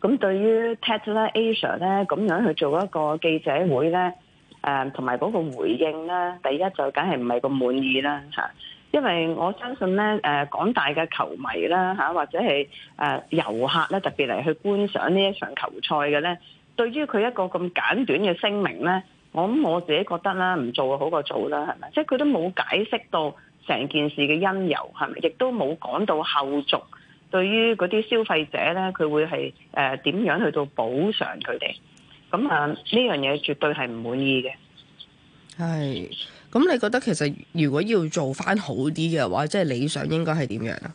咁對於 Tatler Asia 咧，咁樣去做一個記者會咧，誒同埋嗰個回應咧，第一就梗係唔係咁滿意啦嚇。因為我相信咧，誒廣大嘅球迷啦嚇，或者係誒遊客咧，特別嚟去觀賞呢一場球賽嘅咧。對於佢一個咁簡短嘅聲明呢，我諗我自己覺得啦，唔做好過做啦，係咪？即係佢都冇解釋到成件事嘅因由，係咪？亦都冇講到後續對於嗰啲消費者呢，佢會係誒點樣去到補償佢哋？咁啊，呢樣嘢絕對係唔滿意嘅。係，咁你覺得其實如果要做翻好啲嘅話，即係理想應該係點樣啊？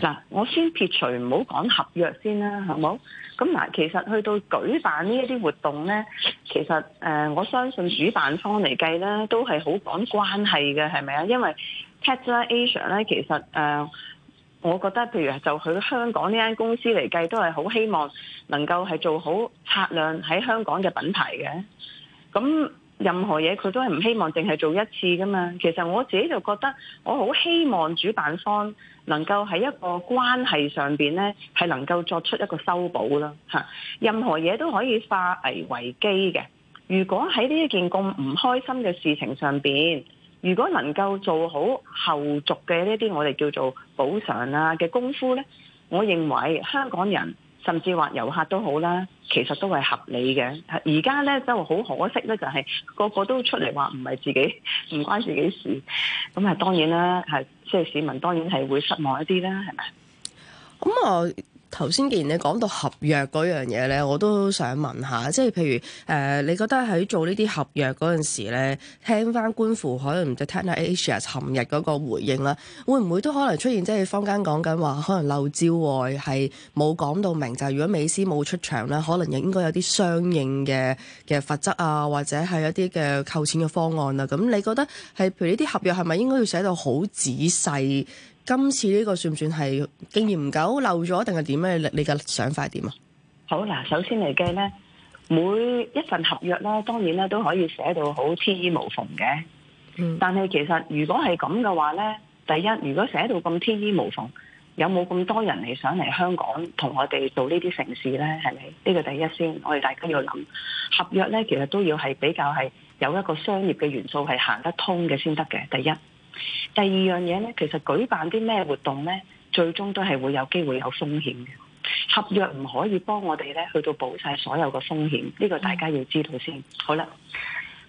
嗱，我先撇除唔好講合約先啦，係冇。咁嗱，其實去到舉辦呢一啲活動呢，其實誒、呃，我相信主辦方嚟計呢都係好講關係嘅，係咪啊？因為 Tatler Asia 呢，其實誒、呃，我覺得譬如就去香港呢間公司嚟計，都係好希望能夠係做好策量喺香港嘅品牌嘅。咁任何嘢佢都係唔希望淨係做一次㗎嘛。其實我自己就覺得，我好希望主辦方，能夠喺一個關係上邊呢，係能夠作出一個修補啦，嚇！任何嘢都可以化危為機嘅。如果喺呢一件咁唔開心嘅事情上邊，如果能夠做好後續嘅呢啲我哋叫做補償啊嘅功夫呢，我認為香港人。甚至話遊客都好啦，其實都係合理嘅。而家咧就好可惜咧，就係，就係個個都出嚟話唔係自己，唔關自己事。咁啊，當然啦，係即係市民當然係會失望一啲啦，係咪？咁我。頭先既然你講到合約嗰樣嘢咧，我都想問下，即係譬如誒、呃，你覺得喺做呢啲合約嗰陣時咧，聽翻官府可能 Tatler Asia 尋日嗰個回應啦，會唔會都可能出現即係坊間講緊話，可能漏招外係冇講到明，就係、係、如果美斯冇出場咧，可能應該有啲相應嘅嘅罰則啊，或者係一啲嘅扣錢嘅方案啦。咁你覺得係譬如呢啲合約係咪應該要寫到好仔細？今次呢個算唔算係經驗唔夠漏咗，定係點咧？你嘅想法點啊？好嗱，首先嚟計呢，每一份合約咧，當然咧都可以寫到好天衣無縫嘅。嗯，但係其實如果係咁嘅話呢，第一，如果寫到咁天衣無縫，有冇咁多人嚟想嚟香港同我哋做呢啲城市呢？係咪呢個第一先？我哋大家要諗合約呢其實都要係比較係有一個商業嘅元素係行得通嘅先得嘅。第一。第二樣嘢咧，其實舉辦啲咩活動咧，最終都係會有機會有風險嘅。合約唔可以幫我哋咧，去到補晒所有嘅風險，呢個大家要知道先。好啦。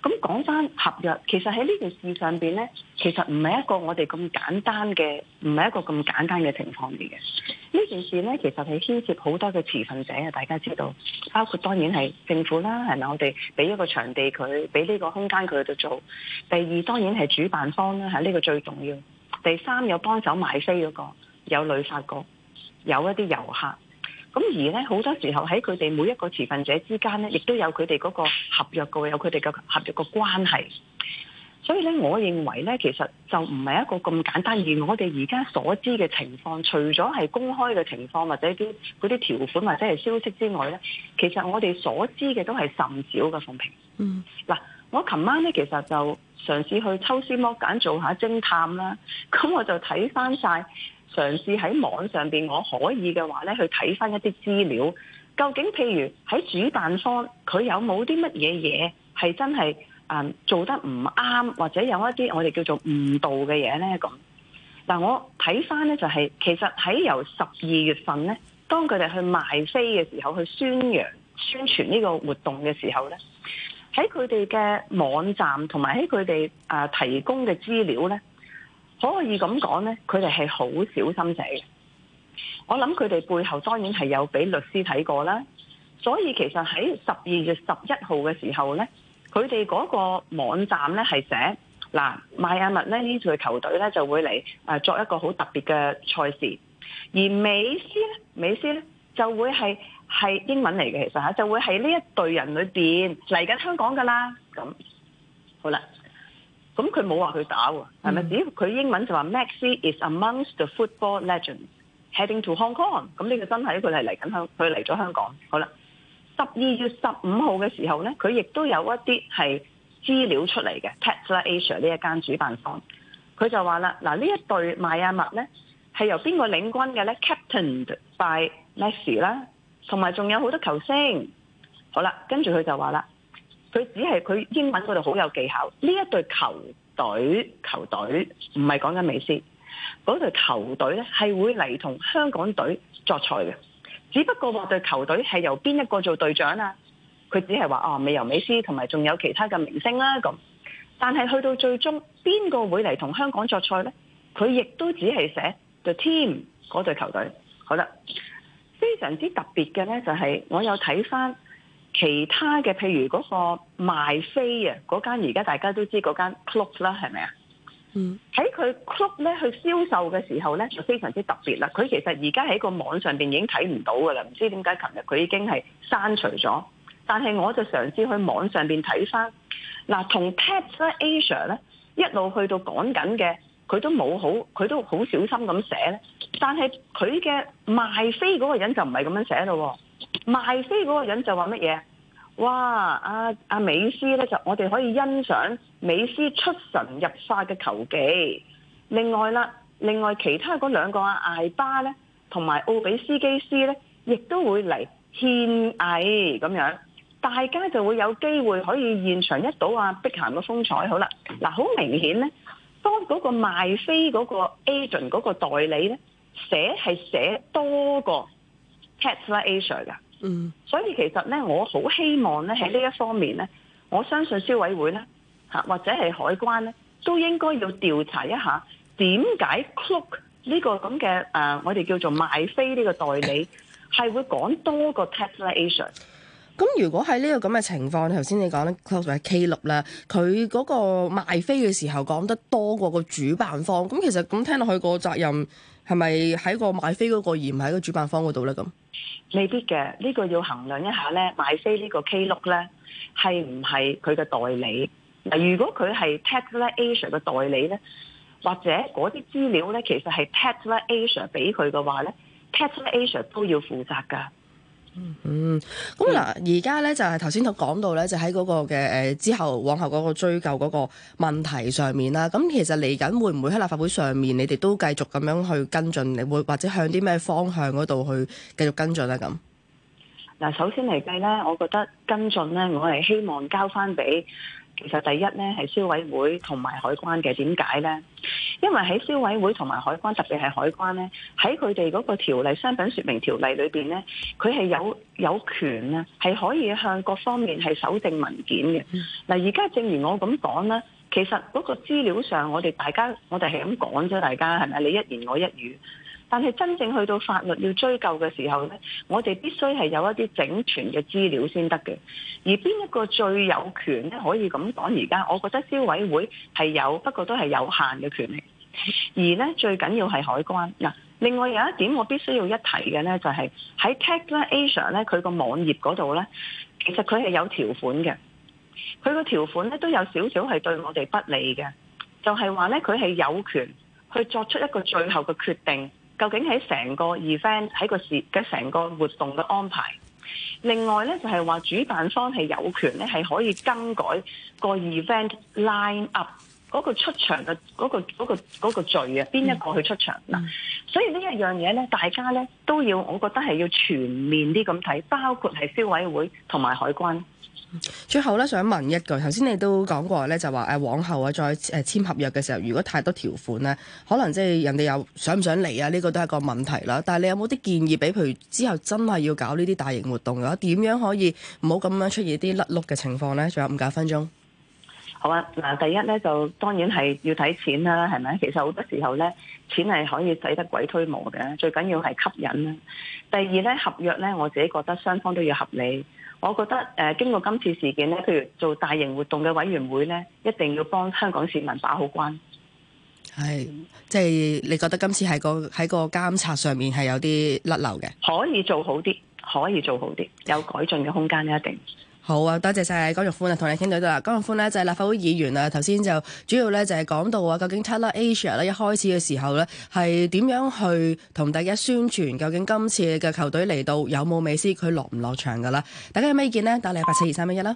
咁講翻合約，其實喺呢件事上面呢，其實唔係一個我哋咁簡單嘅，唔係一個咁簡單嘅情況嚟嘅。呢件事呢，其實係牽涉好多嘅持份者啊！大家知道，包括當然係政府啦，係咪我哋俾一個場地佢，俾呢個空間佢去做？第二當然係主辦方啦，係呢個最重要。第三有幫手買飛嗰個，有旅發局，有一啲遊客。咁而咧，好多時候喺佢哋每一個持份者之間咧，亦都有佢哋嗰個合約嘅，有佢哋嘅合約個關係。所以咧，我認為咧，其實就唔係一個咁簡單。而我哋而家所知嘅情況，除咗係公開嘅情況或者啲嗰啲條款或者係消息之外咧，其實我哋所知嘅都係甚少嘅。鳳嫺，嗯，嗱，我琴晚咧其實就嘗試去抽絲剝繭做下偵探啦。咁我就睇返晒。嘗試喺網上面，我可以嘅話咧，去睇翻一啲資料，究竟譬如喺主辦方佢有冇啲乜嘢嘢係真係、嗯、做得唔啱，或者有一啲我哋叫做誤導嘅嘢咧咁，嗱，但我睇翻咧就係、是、其實喺由十二月份咧，當佢哋去賣飛嘅時候，去宣揚、宣傳呢個活動嘅時候咧，喺佢哋嘅網站同埋喺佢哋啊提供嘅資料咧。可以咁講呢，佢哋係好小心寫嘅。我諗佢哋背後當然係有俾律師睇過啦。所以其實喺十二月十一號嘅時候呢，佢哋嗰個網站呢係寫嗱，邁阿密呢呢隊球隊呢，就會嚟誒作一個好特別嘅賽事。而美斯呢，美斯呢就會係係英文嚟嘅，其實吓就會喺呢一隊人裏邊嚟緊香港噶啦。咁好啦。咁佢冇話佢打喎，係咪？只、mm. 佢英文就話 Maxi is amongst the football legends heading to Hong Kong。咁呢個真係，佢係嚟緊香，佢嚟咗香港。好啦，十二月十五號嘅時候呢，佢亦都有一啲係資料出嚟嘅 Tatler Asia 呢一間主辦方，佢就話啦，嗱呢一隊邁阿密呢，係由邊個領軍嘅呢 Captained by Maxi 啦，同埋仲有好多球星。好啦，跟住佢就話啦。佢只係，佢英文嗰度好有技巧。呢一隊球隊球隊唔係講緊美斯，嗰隊球隊咧係會嚟同香港隊作賽嘅。只不過話隊球隊係由邊一個做隊長啊？佢只係話哦，美由美斯同埋仲有其他嘅明星啦、啊。咁，但係去到最終邊個會嚟同香港作賽呢？佢亦都只係寫 the team 嗰隊球隊。好啦，非常之特別嘅呢就係我有睇翻。其他嘅，譬如嗰個賣飛啊，嗰間而家大家都知嗰間 club 啦，係咪啊？嗯，喺佢 club 咧去銷售嘅時候咧，就非常之特別啦。佢其實而家喺個網上邊已經睇唔到噶啦，唔知點解琴日佢已經係刪除咗。但係我就嘗試去網上邊睇翻嗱，同、啊、Tatler Asia 咧一路去到講緊嘅，佢都冇好，佢都好小心咁寫咧。但係佢嘅賣飛嗰個人就唔係咁樣寫咯。賣飛嗰個人就話乜嘢？哇！阿、啊、阿、啊、美斯咧就我哋可以欣賞美斯出神入化嘅球技。另外啦，另外其他嗰兩個阿艾巴咧，同埋奧比斯基斯咧，亦都會嚟獻藝咁樣。大家就會有機會可以現場一睹，啊碧咸嘅風采。好啦，嗱、啊，好明顯咧，當嗰個賣飛嗰個 agent 嗰個代理咧，寫係寫多個。Tatler Asia 嘅，所以其實咧，我好希望咧喺呢在這一方面咧，我相信消委會咧，嚇或者係海關咧，都應該要調查一下點解 Klook 呢個咁嘅誒，我哋叫做賣飛呢個代理係、呃、會講多過 Tatler Asia。咁如果喺呢個咁嘅情況，頭先你講咧，Klook 係 K 六啦，佢嗰個賣飛嘅時候講得多過個主辦方，咁其實咁聽落去個責任。係咪喺個買飛嗰個，而唔喺個主辦方嗰度咧？咁未必嘅，呢、這個要衡量一下咧。買飛呢個 K 祿咧，係唔係佢嘅代理？嗱，如果佢係 t e t r o a e i a 嘅代理咧，或者嗰啲資料咧，其實係 t e t r o a e i a 俾佢嘅話咧 t e t r o a e i a 都要負責噶嗯，咁嗱，而家咧就係頭先都講到咧，就喺嗰個嘅誒之後往後嗰個追究嗰個問題上面啦。咁其實嚟緊會唔會喺立法會上面，你哋都繼續咁樣去跟進，你會或者向啲咩方向嗰度去繼續跟進咧？咁嗱，首先嚟計咧，我覺得跟進咧，我係希望交翻俾。其實第一咧係消委會同埋海關嘅，點解咧？因為喺消委會同埋海關，特別係海關咧，喺佢哋嗰個條例商品説明條例裏邊咧，佢係有有權啊，係可以向各方面係搜證文件嘅。嗱，而家正如我咁講啦，其實嗰個資料上我，我哋大家我哋係咁講咗大家，係咪？你一言我一語，但係真正去到法律要追究嘅時候咧，我哋必須係有一啲整全嘅資料先得嘅。而邊一個最有權咧？可以咁講，而家我覺得消委會係有，不過都係有限嘅權力。而咧最緊要係海關嗱。另外有一點我必須要一提嘅咧、就是，就係喺 Tatler Asia 呢咧佢個網頁嗰度咧，其實佢係有條款嘅。佢個條款咧都有少少係對我哋不利嘅，就係話咧佢係有權去作出一個最後嘅決定，究竟喺成個 event 喺個時嘅成個活動嘅安排，另外咧就係話主辦方係有權咧係可以更改個 event line up 嗰個出場嘅嗰個、嗰個序、嗰個、嗰個、邊一個去出場嗱、嗯，所以呢一樣嘢咧，大家咧都要，我覺得係要全面啲咁睇，包括係消委會同埋海關。最後咧，想問一句，頭先你都講過咧，就話誒、啊、往後啊，再誒簽合約嘅時候，如果太多條款咧，可能即係人哋又想唔想嚟啊？呢、這個都係一個問題啦。但係你有冇啲建議，畀譬如之後真係要搞呢啲大型活動嘅話，點、啊、樣可以唔好咁樣出現啲甩碌嘅情況咧？仲有五九分鐘。好啊，嗱，第一咧就當然係要睇錢啦，係咪？其實好多時候咧，錢係可以使得鬼推磨嘅，最緊要係吸引啦。第二咧，合約咧，我自己覺得雙方都要合理。我覺得誒、呃，經過今次事件咧，譬如做大型活動嘅委員會咧，一定要幫香港市民把好關。係，即係你覺得今次喺個喺個監察上面係有啲甩漏嘅，可以做好啲，可以做好啲，有改進嘅空間咧，一定。好啊，多謝晒江玉歡啊，同你傾到得啦。江玉歡呢，就係立法會議員啊，頭先就主要呢，就係講到話究竟 Tatler Asia 呢，一開始嘅時候呢，係點樣去同大家宣傳？究竟今次嘅球隊嚟到有冇美斯佢落唔落場㗎啦？大家有咩意見呢？打嚟八七二三一一啦。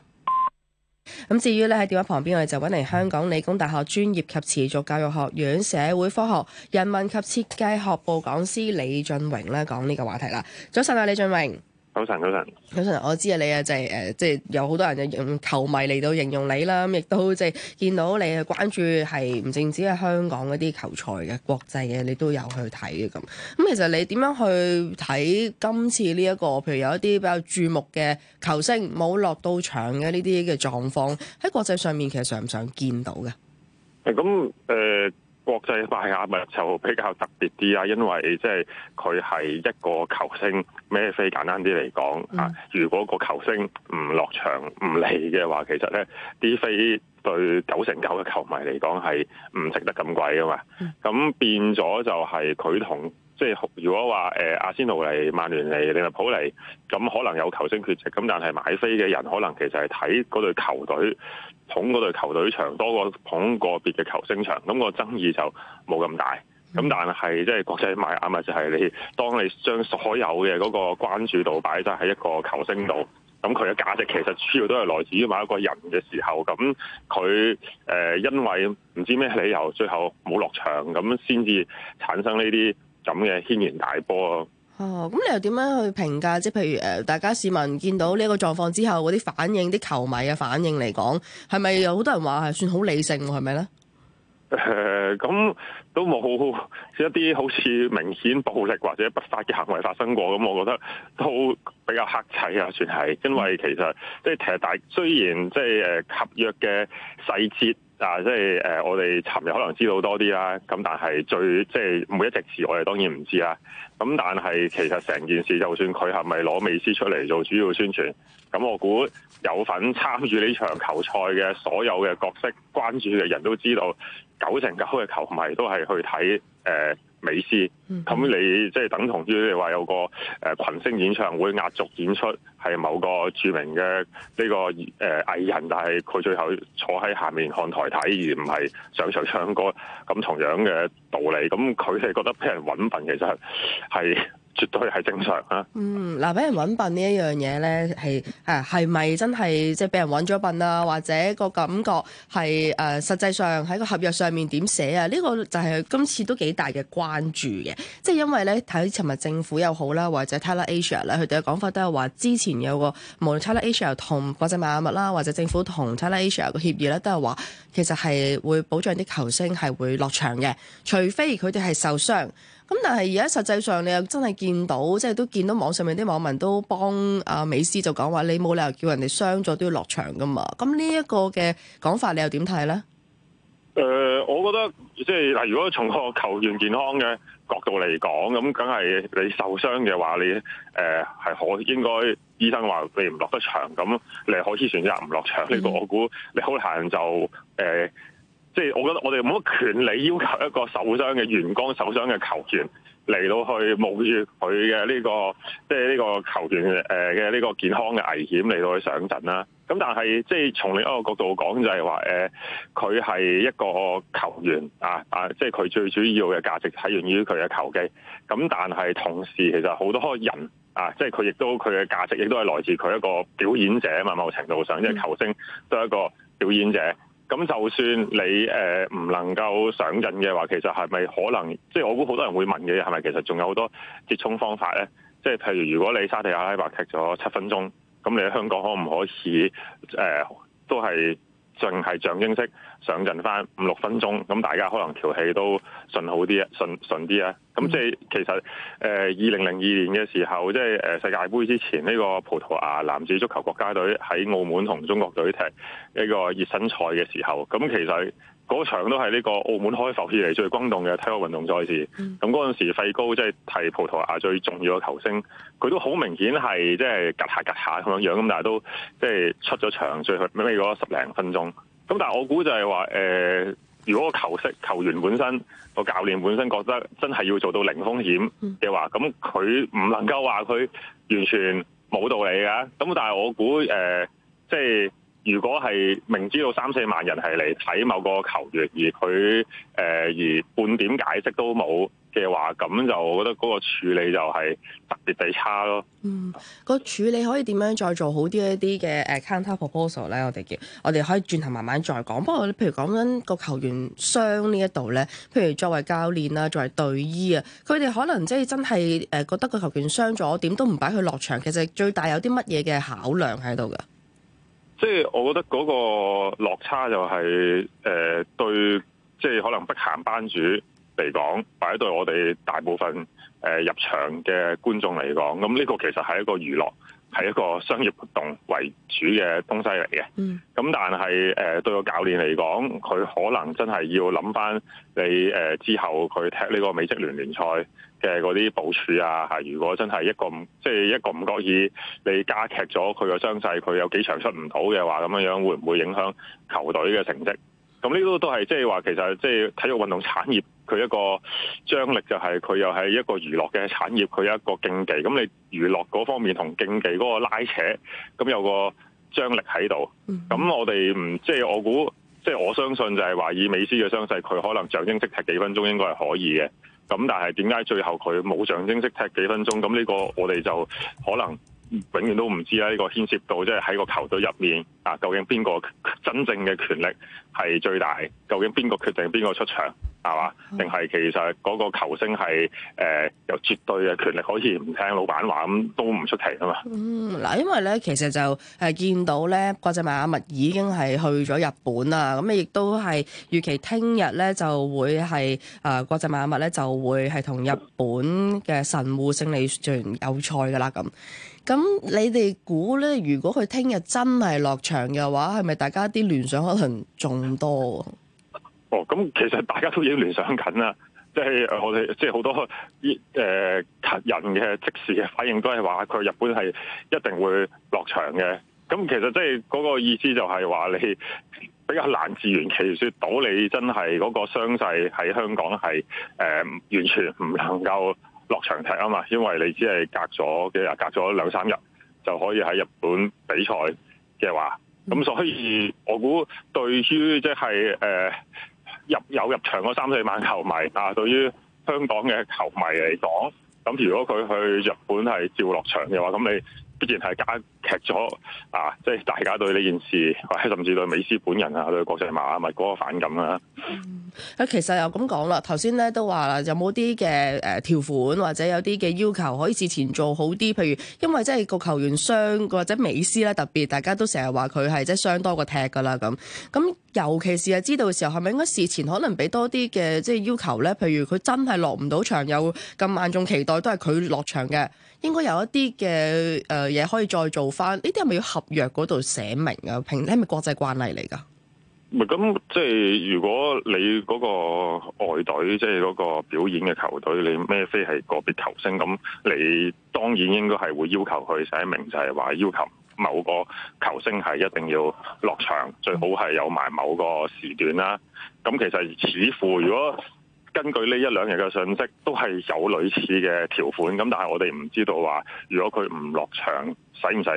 咁至於呢，喺電話旁邊，我哋就揾嚟香港理工大學專業及持續教育學院社會科學人文及設計學部講師李峻嶸咧講呢個話題啦。早晨啊，李峻嶸。早晨，早晨。早晨，我知啊，你啊，就是，就係誒，即係有好多人用球迷嚟到形容你啦，咁亦都即係見到你去關注係唔淨止係香港嗰啲球賽嘅，國際嘅你都有去睇嘅咁咁其實你點樣去睇今次呢，這一個，譬如有一啲比較注目嘅球星冇落到場嘅呢啲嘅狀況，喺國際上面其實常唔常見到嘅？誒，咁，呃、誒。國際邁阿密就比較特別啲啊，因為即係佢係一個球星咩飛，簡單啲嚟講啊，如果個球星唔落場唔嚟嘅話，其實呢啲飛對九成九嘅球迷嚟講係唔值得咁貴噶嘛。咁變咗就係佢同即係如果話誒阿仙奴嚟，曼聯嚟，利物浦嚟，咁可能有球星缺席，咁但係買飛嘅人可能其實係睇嗰隊球隊。捧嗰隊球隊場多過捧個別嘅球星場，咁、個爭議就冇咁大。咁但係即係國際買眼啊，就係、是、你當你將所有嘅嗰個關注度擺晒喺一個球星度，咁佢嘅價值其實主要都係來自於某一個人嘅時候，咁佢誒因為唔知咩理由，最後冇落場，咁先至產生呢啲咁嘅軒然大波。哦，咁你又點樣去評價？即係譬如大家市民見到呢個狀況之後，嗰啲反應、啲球迷嘅反應嚟講，係咪有好多人話係算好理性？係咪咧？誒、呃，咁都冇一啲好似明顯暴力或者不法嘅行為發生過。咁我覺得都比較客氣啊，算係，因為其實即係其實大雖然即係誒合約嘅細節。啊！即係誒、呃，我哋尋日可能知道多啲啦。咁但係最即係每一隻字，我哋當然唔知啦。咁但係其實成件事，就算佢係咪攞美斯出嚟做主要宣傳，咁我估有份參與呢場球賽嘅所有嘅角色關注嘅人都知道，九成九嘅球迷都係去睇誒。呃美斯，咁你即係等同於你話有個誒群星演唱會壓軸演出，係某個著名嘅呢個誒藝人，但係佢最後坐喺下面看台睇，而唔係上場唱歌，咁同樣嘅道理，咁佢哋覺得俾人搵笨，其實係，絕對係正常啊！嗯，嗱、啊，俾人揾笨呢一樣嘢呢，係誒係咪真係即係俾人揾咗笨啊？或者個感覺係誒、呃、實際上喺個合約上面點寫啊？呢、這個就係今次都幾大嘅關注嘅，即、就、係、是、因為呢，睇尋日政府又好啦，或者 Tatler Asia 啦，佢哋嘅講法都係話，之前有個無論 Tatler Asia 同國際邁阿密啦，或者政府同 Tatler Asia 嘅協議呢，都係話其實係會保障啲球星係會落場嘅，除非佢哋係受傷。咁但係而家實際上你又真係見到，即係都見到網上面啲網民都幫阿美斯就講話，你冇理由叫人哋傷咗都要落場㗎嘛。咁呢一個嘅講法你又點睇咧？誒，我覺得即係嗱，如果從個球員健康嘅角度嚟講，咁梗係你受傷嘅話，你誒係可應該醫生話你唔落得場，咁你可以選擇唔落場。呢個，嗯，我估你好難就誒。即係我覺得我哋冇乜權利要求一個受傷嘅員工、受傷嘅球員嚟到去冒住佢嘅呢個，即係呢個球員誒嘅呢個健康嘅危險嚟到去上陣啦。咁但係即係從另一個角度講，就係話誒，佢係一個球員啊啊！即係佢最主要嘅價值係源於佢嘅球技。咁但係同時其實好多人啊，即係佢亦都佢嘅價值亦都係來自佢一個表演者嘛，某程度上，即係球星都係一個表演者。咁就算你誒唔、呃、能夠上陣嘅話，其實係咪可能？即係我估好多人會問嘅係咪其實仲有好多接觸方法咧？即係譬如如果你沙地阿拉伯踢咗七分鐘，咁你喺香港可唔可以誒、呃、都係？仲係象徵式上陣翻五六分鐘，咁大家可能條氣都順好啲啊，順順啲啊！咁即係其實誒，二零零二年嘅時候，即係世界盃之前呢個葡萄牙男子足球國家隊喺澳門同中國隊踢呢個熱身賽嘅時候，咁其實。嗰、那個、場都係呢個澳門開埠以嚟最轟動嘅體育運動賽事，咁嗰陣時費高即係提葡萄牙最重要嘅球星，佢都好明顯係即係趌下趌下咁樣，咁但係都即係出咗場，最尾咪咩咗十零分鐘。咁但係我估就係話誒，如果個球色球員本身個教練本身覺得真係要做到零風險嘅話，咁佢唔能夠話佢完全冇道理嘅。咁但係我估誒、呃、即係。如果係明知道三四萬人係嚟睇某個球員，而佢誒、呃、而半點解釋都冇嘅話，咁就我覺得嗰個處理就係特別地差咯。嗯，個處理可以點樣再做好啲一啲嘅誒 counter proposal 咧？我哋叫我哋可以轉頭慢慢再講。不過，譬如講緊、個球員傷呢一度咧，譬如作為教練啦，作為隊醫啊，佢哋可能即係真係誒覺得個球員傷咗，點都唔擺佢落場。其實最大有啲乜嘢嘅考量喺度㗎？即係我覺得嗰個落差就係、是、誒、呃、對，即係可能不行班主嚟講，或者對我哋大部分誒、呃、入場嘅觀眾嚟講，咁呢個其實係一個娛樂。係一個商業活動為主嘅東西嚟嘅，咁、嗯、但係誒、呃，對個教練嚟講，佢可能真係要諗翻你誒、呃、之後佢踢呢個美職聯聯賽嘅嗰啲部署啊，吓如果真係一個即係、就是、一個唔覺意，你加劇咗佢個傷勢，佢有幾場出唔到嘅話，咁樣樣會唔會影響球隊嘅成績？咁呢個都係即係話，其實即係體育運動產業。佢一個張力就係佢又係一個娛樂嘅產業，佢一個競技咁，你娛樂嗰方面同競技嗰個拉扯，咁有個張力喺度。咁我哋唔即係我估，即係我相信就係話以美斯嘅傷勢，佢可能象徵式踢幾分鐘應該係可以嘅。咁但係點解最後佢冇象徵式踢幾分鐘？咁呢個我哋就可能永遠都唔知啦。呢個牽涉到即係喺個球隊入面啊，究竟邊個真正嘅權力係最大？究竟邊個決定邊個出場？係嘛？定係其實嗰個球星係誒有絕對嘅權力，可以唔聽老闆話咁，都唔出奇啊嘛。嗯，嗱，因為咧，其實就係見到咧，國際邁阿密已經係去咗日本啦。咁亦都係預期聽日咧就會係啊、呃、國際邁阿密咧就會係同日本嘅神戶勝利船有賽噶啦咁。咁你哋估咧，如果佢聽日真係落場嘅話，係咪大家啲聯想可能仲多？哦，咁其實大家都已經聯想緊啦，即係我哋即係好多依、呃、人嘅即時嘅反應都係話佢日本係一定會落場嘅。咁其實即係嗰個意思就係話你比較難自圓其説，到你真係嗰個傷勢喺香港係誒、呃、完全唔能夠落場踢啊嘛，因為你只係隔咗幾日，隔咗兩三日就可以喺日本比賽嘅話，咁所以我估對於即係誒。呃入有入場嗰三四萬球迷啊，對於香港嘅球迷嚟講，咁如果佢去日本係照落場嘅話，咁你。之前係加劇咗啊！即係大家對呢件事，甚至對美斯本人啊，對國際馬咪嗰個反感啦。啊、嗯，其實又咁講啦，頭先咧都話啦，有冇啲嘅誒條款或者有啲嘅要求可以事前做好啲？譬如因為即係個球員傷或者美斯咧，特別大家都成日話佢係即係傷多過踢㗎喇咁。咁尤其是係知道嘅時候，係咪應該事前可能畀多啲嘅即係要求咧？譬如佢真係落唔到場，有咁萬眾期待都係佢落場嘅。應該有一啲嘅誒嘢可以再做翻，呢啲係咪要合約嗰度寫明啊？平係咪國際慣例嚟㗎？唔係咁、就是，即係如果你嗰個外隊，即係嗰個表演嘅球隊，你咩非係個別球星咁，你當然應該係會要求佢寫明，就係話要求某個球星係一定要落場，最好係有埋某個時段啦。咁其實似乎如果根據呢一兩日嘅訊息，都係有類似嘅條款，咁但係我哋唔知道話，如果佢唔落場，使唔使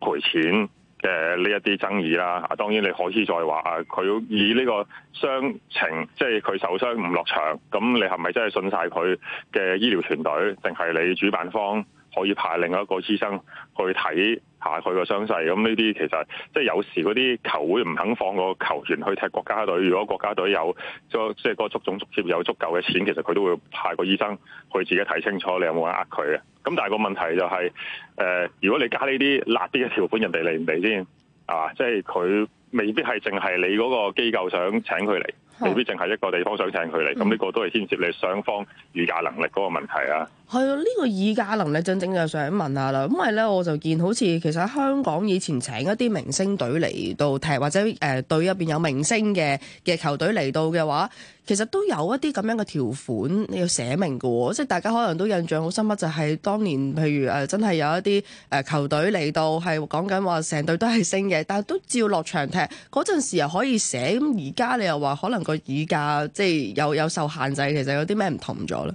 賠錢嘅呢一啲爭議啦？當然你可以再話啊，佢以呢個傷情，即係佢受傷唔落場，咁你係咪真係信晒佢嘅醫療團隊，定係你主辦方可以派另一個醫生去睇？下佢個傷勢，咁呢啲其實即係有時嗰啲球會唔肯放個球員去踢國家隊。如果國家隊有即即個足總足協有足夠嘅錢，其實佢都會派個醫生去自己睇清楚你有冇人呃佢嘅。咁但係個問題就係呃，如果你加呢啲辣啲嘅條款，人哋嚟唔嚟先啊？即係佢未必係淨係你嗰個機構想請佢嚟，未必淨係一個地方想請佢嚟，咁、嗯、呢個都係牽涉你雙方議價能力嗰個問題啊。係啊，呢、呢個議價能力正正就想問下啦，因為咧，我就見好似其實喺香港以前請一啲明星隊嚟到踢，或者誒隊入邊有明星嘅嘅球隊嚟到嘅話。其實都有一啲咁樣嘅條款要寫明嘅，即係大家可能都印象好深刻，就係當年譬如誒真係有一啲誒球隊嚟到，係講緊話成隊都係升嘅，但係都照落場踢嗰陣時又可以寫。咁而家你又話可能個議價即係有有受限制，其實有啲咩唔同咗咧？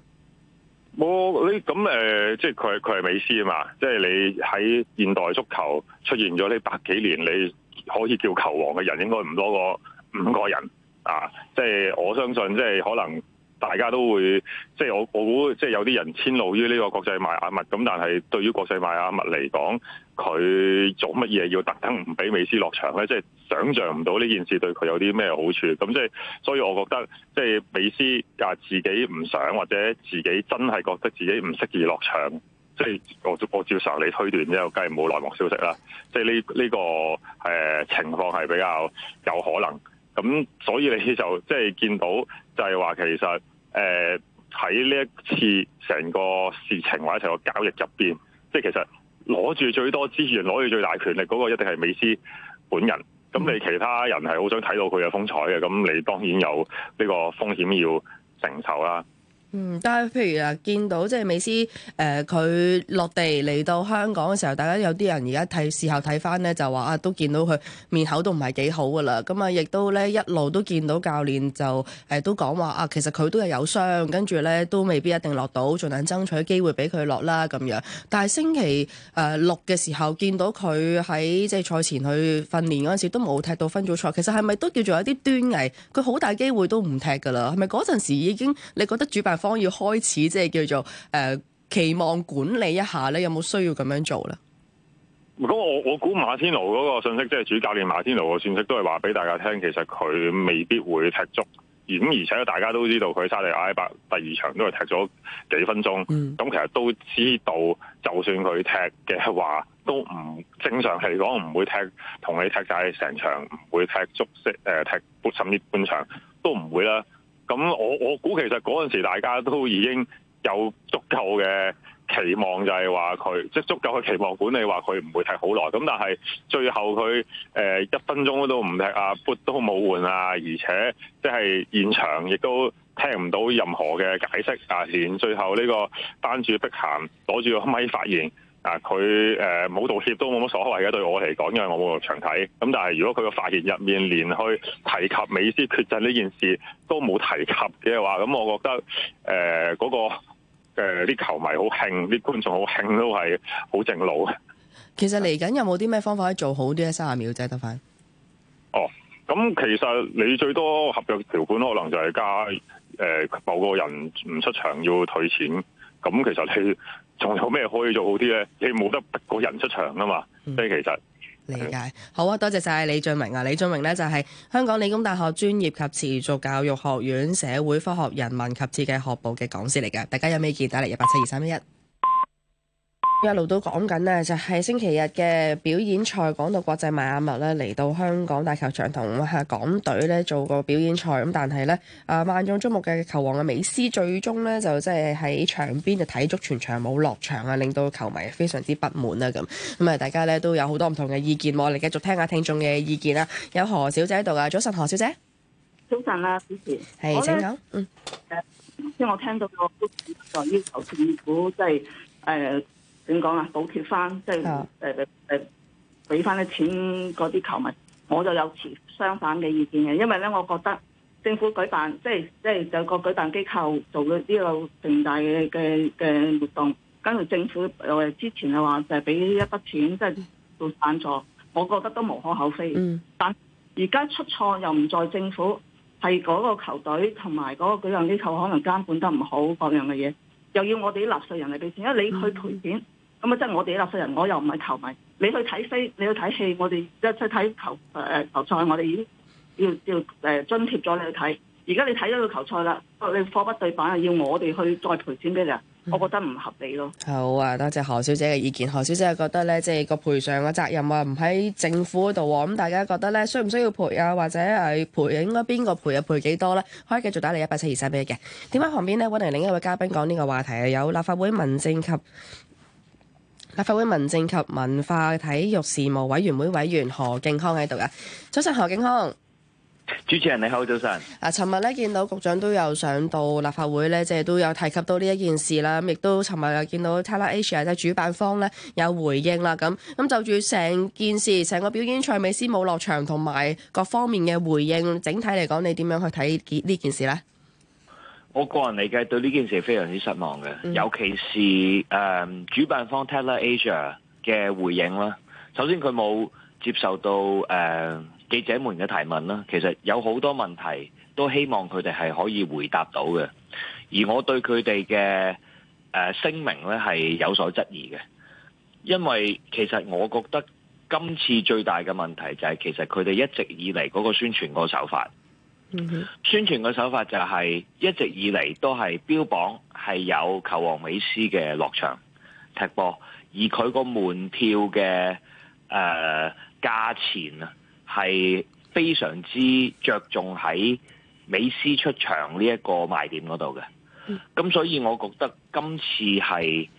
冇你咁誒，即係佢佢係美斯啊嘛，即係你喺現代足球出現咗呢百幾年，你可以叫球王嘅人應該唔多過五個人。啊！即係我相信，即係可能大家都會，即係我我估，即係有啲人遷怒於呢個國際邁阿密。咁但係對於國際邁阿密嚟講，佢做乜嘢要特登唔俾美斯落場咧？即係想象唔到呢件事對佢有啲咩好處。咁即係，所以我覺得即係美斯啊，自己唔想或者自己真係覺得自己唔適宜落場。即係我我照常你推斷啫，我梗係冇內幕消息啦。即係呢呢個誒、呃、情況係比較有可能。咁所以你就即係、就是、見到，就係話其實誒喺呢一次成個事情或者成個交易入邊，即、就、係、是、其實攞住最多資源、攞住最大權力嗰個一定係美斯本人。咁你其他人係好想睇到佢嘅風采嘅，咁你當然有呢個風險要承受啦。嗯，但係譬如啊，見到即係美斯誒，佢、呃、落地嚟到香港嘅時候，大家有啲人而家睇事後睇返呢，就話啊，都見到佢面口都唔係幾好㗎喇，咁啊，亦都呢一路都見到教練就誒、啊、都講話啊，其實佢都係有傷，跟住呢都未必一定落到，盡量爭取機會俾佢落啦咁樣。但係星期誒六嘅時候見到佢喺即係賽前去訓練嗰陣時候，都冇踢到分組賽。其實係咪都叫做有啲端倪？佢好大機會都唔踢㗎喇，係咪嗰陣時已經你覺得主辦方要開始，即係叫做誒、呃、期望管理一下咧，有冇需要咁樣做咧？咁我我估馬天奴嗰個信息，即係主教練馬天奴個信息，都係話俾大家聽，其實佢未必會踢足。咁而，而且大家都知道，佢沙地阿拉伯第二場都係踢咗幾分鐘。咁、嗯、其實都知道，就算佢踢嘅話，都唔正常嚟講，唔會踢同你踢曬成場，唔會踢足息誒、呃、踢，甚至半場都唔會啦。咁我我估其實嗰陣時大家都已經有足夠嘅期望就，就係話佢即係足夠嘅期望，管理話佢唔會踢好耐。咁但係最後佢誒、呃、一分鐘都唔踢啊，波都冇換啊，而且即係現場亦都聽唔到任何嘅解釋啊，連最後呢個單主碧咸攞住個咪發言。啊！佢誒冇道歉都冇乜所謂嘅，對我嚟講，因為我冇入場睇。咁但係如果佢個發言入面連去提及美斯缺陣呢件事都冇提及嘅話，咁我覺得誒嗰、呃嗰個啲、呃、球迷好興，啲觀眾好興都係好正路。其實嚟緊有冇啲咩方法可以做好啲？三十秒啫，得翻。哦，咁其實你最多合約條款可能就係加誒、呃、某個人唔出場要退錢。咁其實你。仲有咩可以做好啲呢？你冇得個人出場啊嘛，即、嗯、以其實理解好啊！多謝晒李峻嶸啊！李峻嶸呢就係香港理工大學專業及持續教育學院社會科學、人文及設計學部嘅講師嚟嘅。大家有咩意見？打嚟一八七二三一一。8, 7, 2, 3, 一路都講緊呢，就係星期日嘅表演賽，講到國際邁阿密呢，嚟到香港大球場同港隊呢做個表演賽，咁但係呢，啊萬眾矚目嘅球王嘅美斯，最終呢就即係喺場邊就睇足全場冇落場啊，令到球迷非常之不滿啊咁咁啊，大家呢都有好多唔同嘅意見，我哋繼續聽下聽眾嘅意見啦。有何小姐喺度啊，早晨何小姐，早晨啊，主持係請講，嗯，先我聽到個在要求政府即係誒。點講啊？補貼翻即係誒誒誒，俾翻啲錢嗰啲球迷，我就有持相反嘅意見嘅。因為咧，我覺得政府舉辦即係即係有個舉辦機構做咗呢個盛大嘅嘅嘅活動，跟住政府之前係話就係、係、俾一筆錢，即、就、係、係、做贊助，我覺得都無可厚非。Mm. 但而家出錯又唔在政府，係嗰個球隊同埋嗰個舉辦機構可能監管得唔好各樣嘅嘢，又要我哋啲納稅人嚟俾錢，mm. 因為你去賠錢。咁啊！即係我哋啲納稅人，我又唔係球迷。你去睇飛，你去睇戲，我哋即係去睇球誒、呃、球賽，我哋已經要要誒、呃、津貼咗你去睇。而家你睇咗個球賽啦，你貨不對版，啊，要我哋去再賠錢俾你，我覺得唔合理咯、嗯。好啊，多謝何小姐嘅意見。何小姐覺得咧，即係個賠償嘅責任啊，唔喺政府嗰度咁，大家覺得咧，需唔需要賠啊？或者係賠應該邊個賠啊？賠幾多咧？可以繼續打嚟一八七二三俾我嘅點解？旁邊咧，揾嚟另一位嘉賓講呢個話題啊，有立法會民政及。立法會民政及文化體育事務委員會委員何敬康喺度啊，早晨，何敬康，主持人你好，早晨。啊，尋日咧見到局長都有上到立法會咧，即係都有提及到呢一件事啦。咁亦都尋日又見到 Tatler Asia 即係主辦方咧有回應啦。咁咁就住成件事，成個表演賽美斯冇落場同埋各方面嘅回應，整體嚟講，你點樣去睇呢件事咧？我個人理解對呢件事非常之失望嘅、嗯，尤其是誒、uh, 主辦方 Teller Asia 嘅回應啦。首先佢冇接受到誒、uh, 記者們嘅提問啦，其實有好多問題都希望佢哋係可以回答到嘅。而我對佢哋嘅誒聲明咧係有所質疑嘅，因為其實我覺得今次最大嘅問題就係其實佢哋一直以嚟嗰個宣傳個手法。Mm-hmm. 宣傳嘅手法就係一直以嚟都係標榜係有球王美斯嘅落場踢波，而佢個門票嘅誒價錢啊，係非常之着重喺美斯出場呢一個賣點嗰度嘅。咁、mm-hmm. 所以我覺得今次係。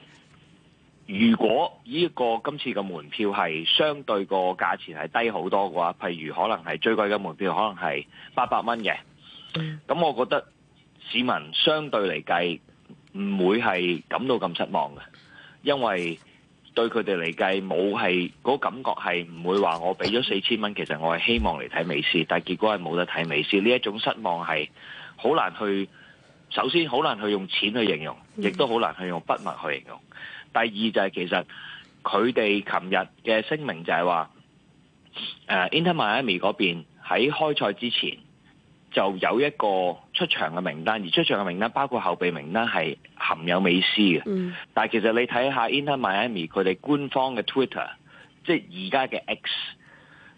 如果呢個今次嘅門票係相對個價錢係低好多嘅話，譬如可能係最貴嘅門票可能係八百蚊嘅，咁我覺得市民相對嚟計唔會係感到咁失望嘅，因為對佢哋嚟計冇係嗰感覺係唔會話我俾咗四千蚊，其實我係希望嚟睇美斯，但係結果係冇得睇美斯，呢一種失望係好難去首先好難去用錢去形容，亦都好難去用筆墨去形容。第二就係其實佢哋琴日嘅聲明就係話，誒 Inter Miami 嗰邊喺開賽之前就有一個出場嘅名單，而出場嘅名單包括後備名單係含有美斯嘅。但其實你睇下 Inter Miami 佢哋官方嘅 Twitter，即係而家嘅 X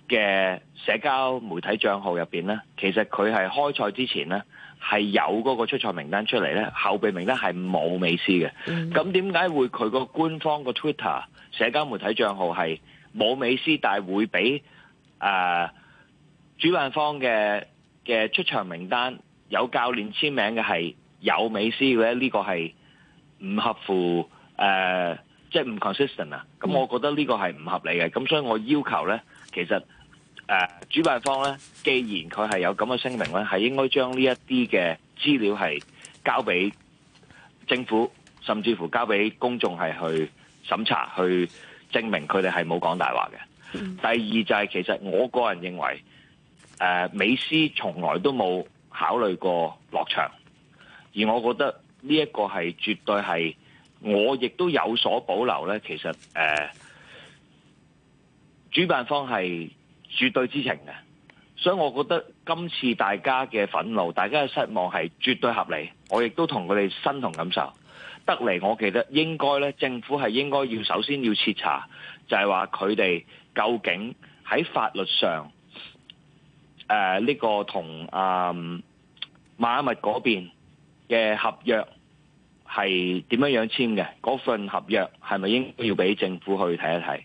嘅社交媒體帳號入邊咧，其實佢係開賽之前咧。係有嗰個出賽名單出嚟呢，後備名單係冇美斯嘅。咁點解會佢個官方個 Twitter 社交媒體帳號係冇美斯，但係會俾、呃、主辦方嘅嘅出場名單有教練簽名嘅係有美斯嘅呢？個係唔合乎，誒、呃，即係唔 consistent 啊！咁我覺得呢個係唔合理嘅。咁所以我要求呢，其實。誒、啊，主辦方咧，既然佢係有咁嘅聲明咧，係應該將呢一啲嘅資料係交俾政府，甚至乎交俾公眾係去審查，去證明佢哋係冇講大話嘅。第二就係，其實我個人認為，誒、啊，美斯從來都冇考慮過落場，而我覺得呢一個係絕對係，我亦都有所保留咧。其實，誒、啊，主辦方係。絕對知情嘅，所以我覺得今次大家嘅憤怒、大家嘅失望係絕對合理。我亦都同佢哋身同感受。得嚟，我記得應該咧，政府係應該要首先要徹查，就係話佢哋究竟喺法律上誒呢、呃這個同啊、呃、邁阿密嗰邊嘅合約係點樣樣簽嘅？嗰份合約係咪應該要俾政府去睇一睇？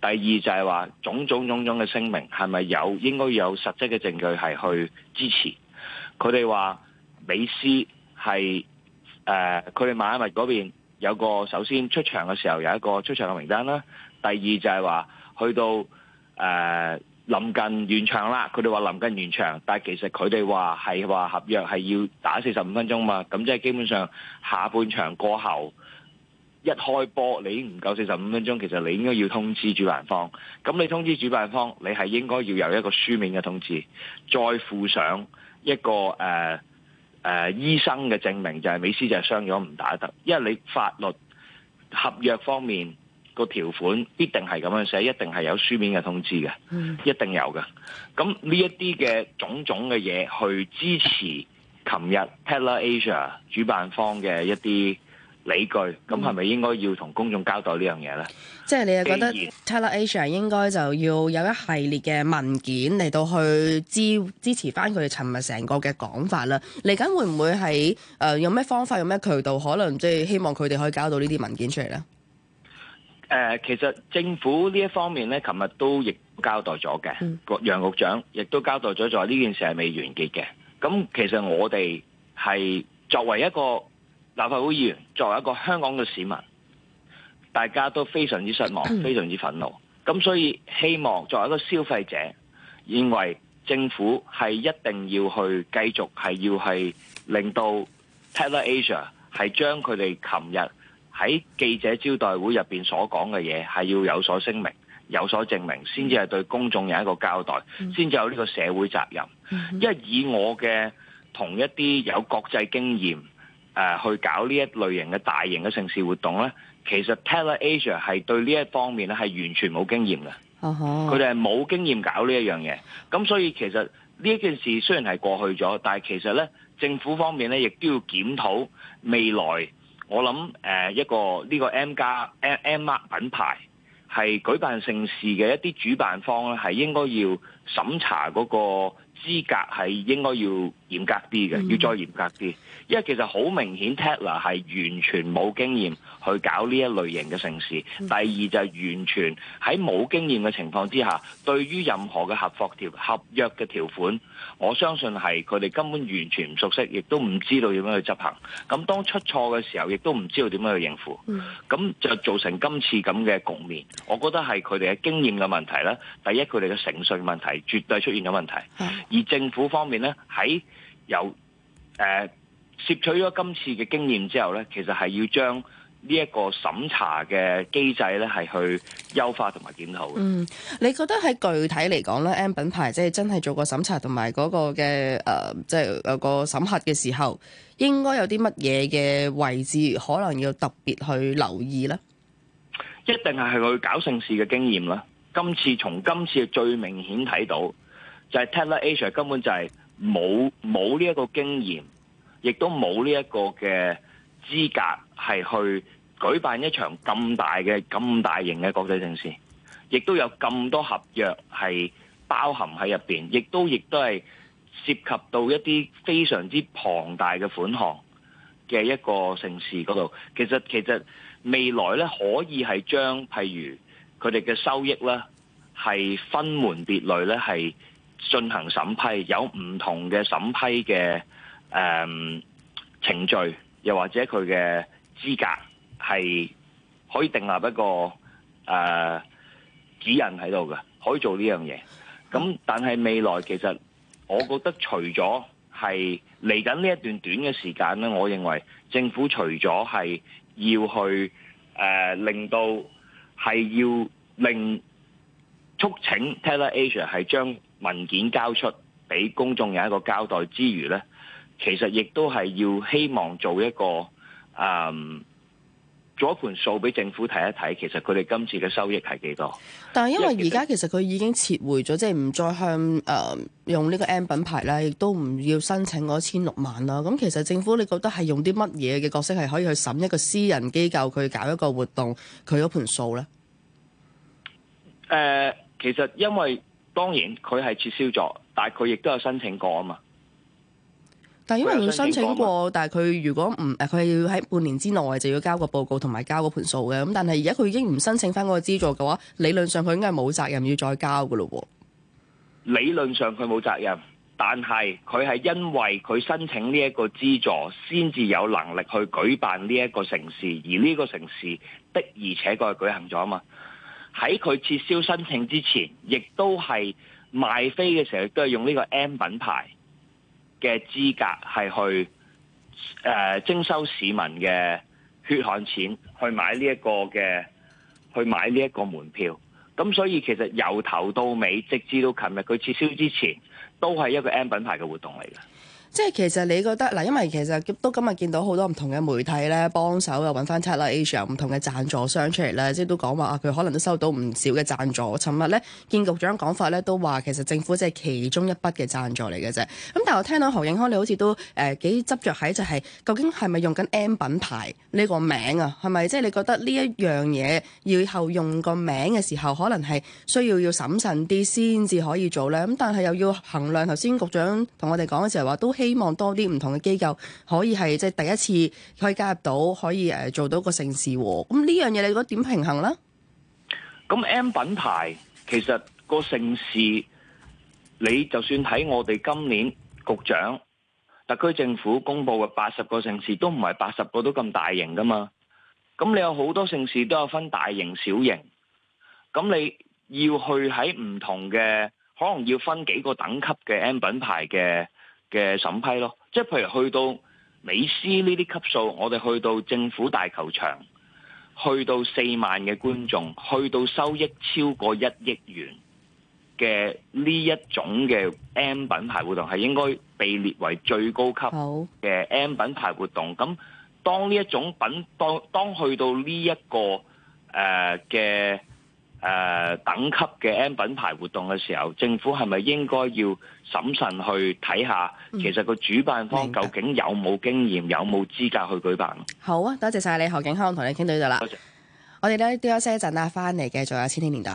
第二就係話種種種種嘅聲明係咪有應該有實質嘅證據係去支持佢哋，話美斯係誒佢哋邁阿密嗰邊有個首先出場嘅時候有一個出場嘅名單啦，第二就係話去到誒臨近完場啦，佢哋話臨近完場，但係其實佢哋話係話合約係要打四十五分鐘嘛，咁即係基本上下半場過後。一開波你已經唔夠四十五分鐘，其實你應該要通知主辦方。咁你通知主辦方，你係應該要有一個書面嘅通知，再附上一個誒誒、呃呃、醫生嘅證明，就係、是、美斯就係傷咗唔打得。因為你法律合約方面個條款必定係咁樣寫，一定係有書面嘅通知嘅，mm. 一定有嘅。咁呢一啲嘅種種嘅嘢，去支持琴日 Tatler Asia 主辦方嘅一啲。理據咁係咪應該要同公眾交代呢樣嘢呢？即係你又覺得 Tatler Asia 應該就要有一系列嘅文件嚟到去支支持翻佢哋尋日成個嘅講法啦。嚟緊會唔會喺誒有咩方法、有咩渠道？可能即係希望佢哋可以交到呢啲文件出嚟呢。誒，其實政府呢一方面呢，尋日都亦交代咗嘅。楊局長亦都交代咗，話呢件事係未完結嘅。咁其實我哋係作為一個。立法會議員作為一個香港嘅市民，大家都非常之失望，非常之憤怒。咁所以希望作為一個消費者，認為政府係一定要去繼續係要係令到 Tatler Asia 係將佢哋琴日喺記者招待會入邊所講嘅嘢係要有所聲明，有所證明，先至係對公眾有一個交代，先至有呢個社會責任。因為以我嘅同一啲有國際經驗。誒、啊、去搞呢一類型嘅大型嘅盛事活動咧，其實 Tatler Asia 係對呢一方面咧係完全冇經驗嘅，佢哋係冇經驗搞呢一樣嘢。咁所以其實呢一件事雖然係過去咗，但係其實咧政府方面咧亦都要檢討未來。我諗、呃、一個呢、這個 M 加 M M mark 品牌係舉辦盛事嘅一啲主辦方咧，係應該要審查嗰個資格係應該要嚴格啲嘅，mm-hmm. 要再嚴格啲。因為其實好明顯，Tatler 係完全冇經驗去搞呢一類型嘅城市。第二就係完全喺冇經驗嘅情況之下，對於任何嘅合約條合約嘅條款，我相信係佢哋根本完全唔熟悉，亦都唔知道點樣去執行。咁當出錯嘅時候，亦都唔知道點樣去應付。咁就造成今次咁嘅局面。我覺得係佢哋嘅經驗嘅問題啦。第一，佢哋嘅誠信問題絕對出現咗問題。而政府方面咧，喺有誒、呃。攝取咗今次嘅經驗之後呢，其實係要將呢一個審查嘅機制呢，係去優化同埋檢討嘅。嗯，你覺得喺具體嚟講呢 M 品牌即係、就是、真係做過審查同埋嗰個嘅誒，即係有個審核嘅時候，應該有啲乜嘢嘅位置可能要特別去留意呢？一定係係佢搞盛事嘅經驗啦。今次從今次最明顯睇到，就係、是、Tatler Asia 根本就係冇冇呢一個經驗。亦都冇呢一個嘅資格係去舉辦一場咁大嘅咁大型嘅國際盛事，亦都有咁多合約係包含喺入邊，亦都亦都係涉及到一啲非常之龐大嘅款項嘅一個盛事嗰度。其實其實未來咧可以係將譬如佢哋嘅收益咧係分門別類咧係進行審批，有唔同嘅審批嘅。誒，程序又或者佢嘅資格係可以定立一個誒指引，喺度嘅，可以做呢樣嘢。咁但係未來其實我覺得除咗係嚟緊呢一段短嘅時間咧，我認為政府除咗係要去誒令到係要令促請 Tatler Asia 係將文件交出俾公眾有一個交代之餘咧。其實亦都係要希望做一個，嗯，做一盤數俾政府睇一睇，其實佢哋今次嘅收益係幾多？但係因為而家其實佢已經撤回咗，即係唔再向誒、呃、用呢個 M 品牌啦，亦都唔要申請嗰千六萬啦。咁其實政府你覺得係用啲乜嘢嘅角色係可以去審一個私人機構佢搞一個活動佢嗰盤數呢？誒、呃，其實因為當然佢係撤銷咗，但係佢亦都有申請過啊嘛。但因為佢申請過，但係佢如果唔誒，佢要喺半年之內就要交個報告同埋交個盤數嘅。咁但係而家佢已經唔申請翻嗰個資助嘅話，理論上佢應該係冇責任要再交嘅咯。理論上佢冇責任，但係佢係因為佢申請呢一個資助，先至有能力去舉辦呢一個城市，而呢個城市的而且確係舉行咗啊嘛。喺佢撤銷申請之前，亦都係賣飛嘅時候都係用呢個 M 品牌。嘅資格係去誒、呃、徵收市民嘅血汗錢，去買呢一個嘅，去買呢一個門票。咁所以其實由頭到尾，直至到琴日佢撤銷之前，都係一個 M 品牌嘅活動嚟嘅。即係其實你覺得嗱，因為其實都今日見到好多唔同嘅媒體咧幫手又揾翻 Tatler Asia 唔同嘅贊助商出嚟咧，即係都講話啊，佢可能都收到唔少嘅贊助。尋日咧，見局長講法咧，都話其實政府即係其中一筆嘅贊助嚟嘅啫。咁但係我聽到何影康、何敬康你好似都誒幾執着喺就係、是，究竟係咪用緊 M 品牌呢個名啊？係咪即係你覺得呢一樣嘢要後用個名嘅時候，可能係需要要審慎啲先至可以做咧？咁但係又要衡量頭先局長同我哋講嘅時候話都。希望多啲唔同嘅機構可以係即係第一次可以加入到，可以誒做到個盛事喎。咁呢樣嘢你覺得點平衡咧？咁 M 品牌其實個盛事，你就算睇我哋今年局長特區政府公布嘅八十個盛事，都唔係八十個都咁大型噶嘛。咁你有好多盛事都有分大型、小型。咁你要去喺唔同嘅，可能要分幾個等級嘅 M 品牌嘅。嘅審批咯，即係譬如去到美斯呢啲級數，我哋去到政府大球場，去到四萬嘅觀眾，去到收益超過一億元嘅呢一種嘅 M 品牌活動，係應該被列為最高級嘅 M 品牌活動。咁當呢一種品，當當去到呢、這、一個誒嘅。呃誒、呃，等級嘅 M 品牌活動嘅時候，政府係咪應該要審慎去睇下，其實個主辦方究竟有冇經驗、嗯，有冇資格去舉辦？好啊，多謝晒你何敬康，同你傾到呢度啦。多謝。我哋都調咗些陣啦，翻嚟嘅仲有《千禧年代》。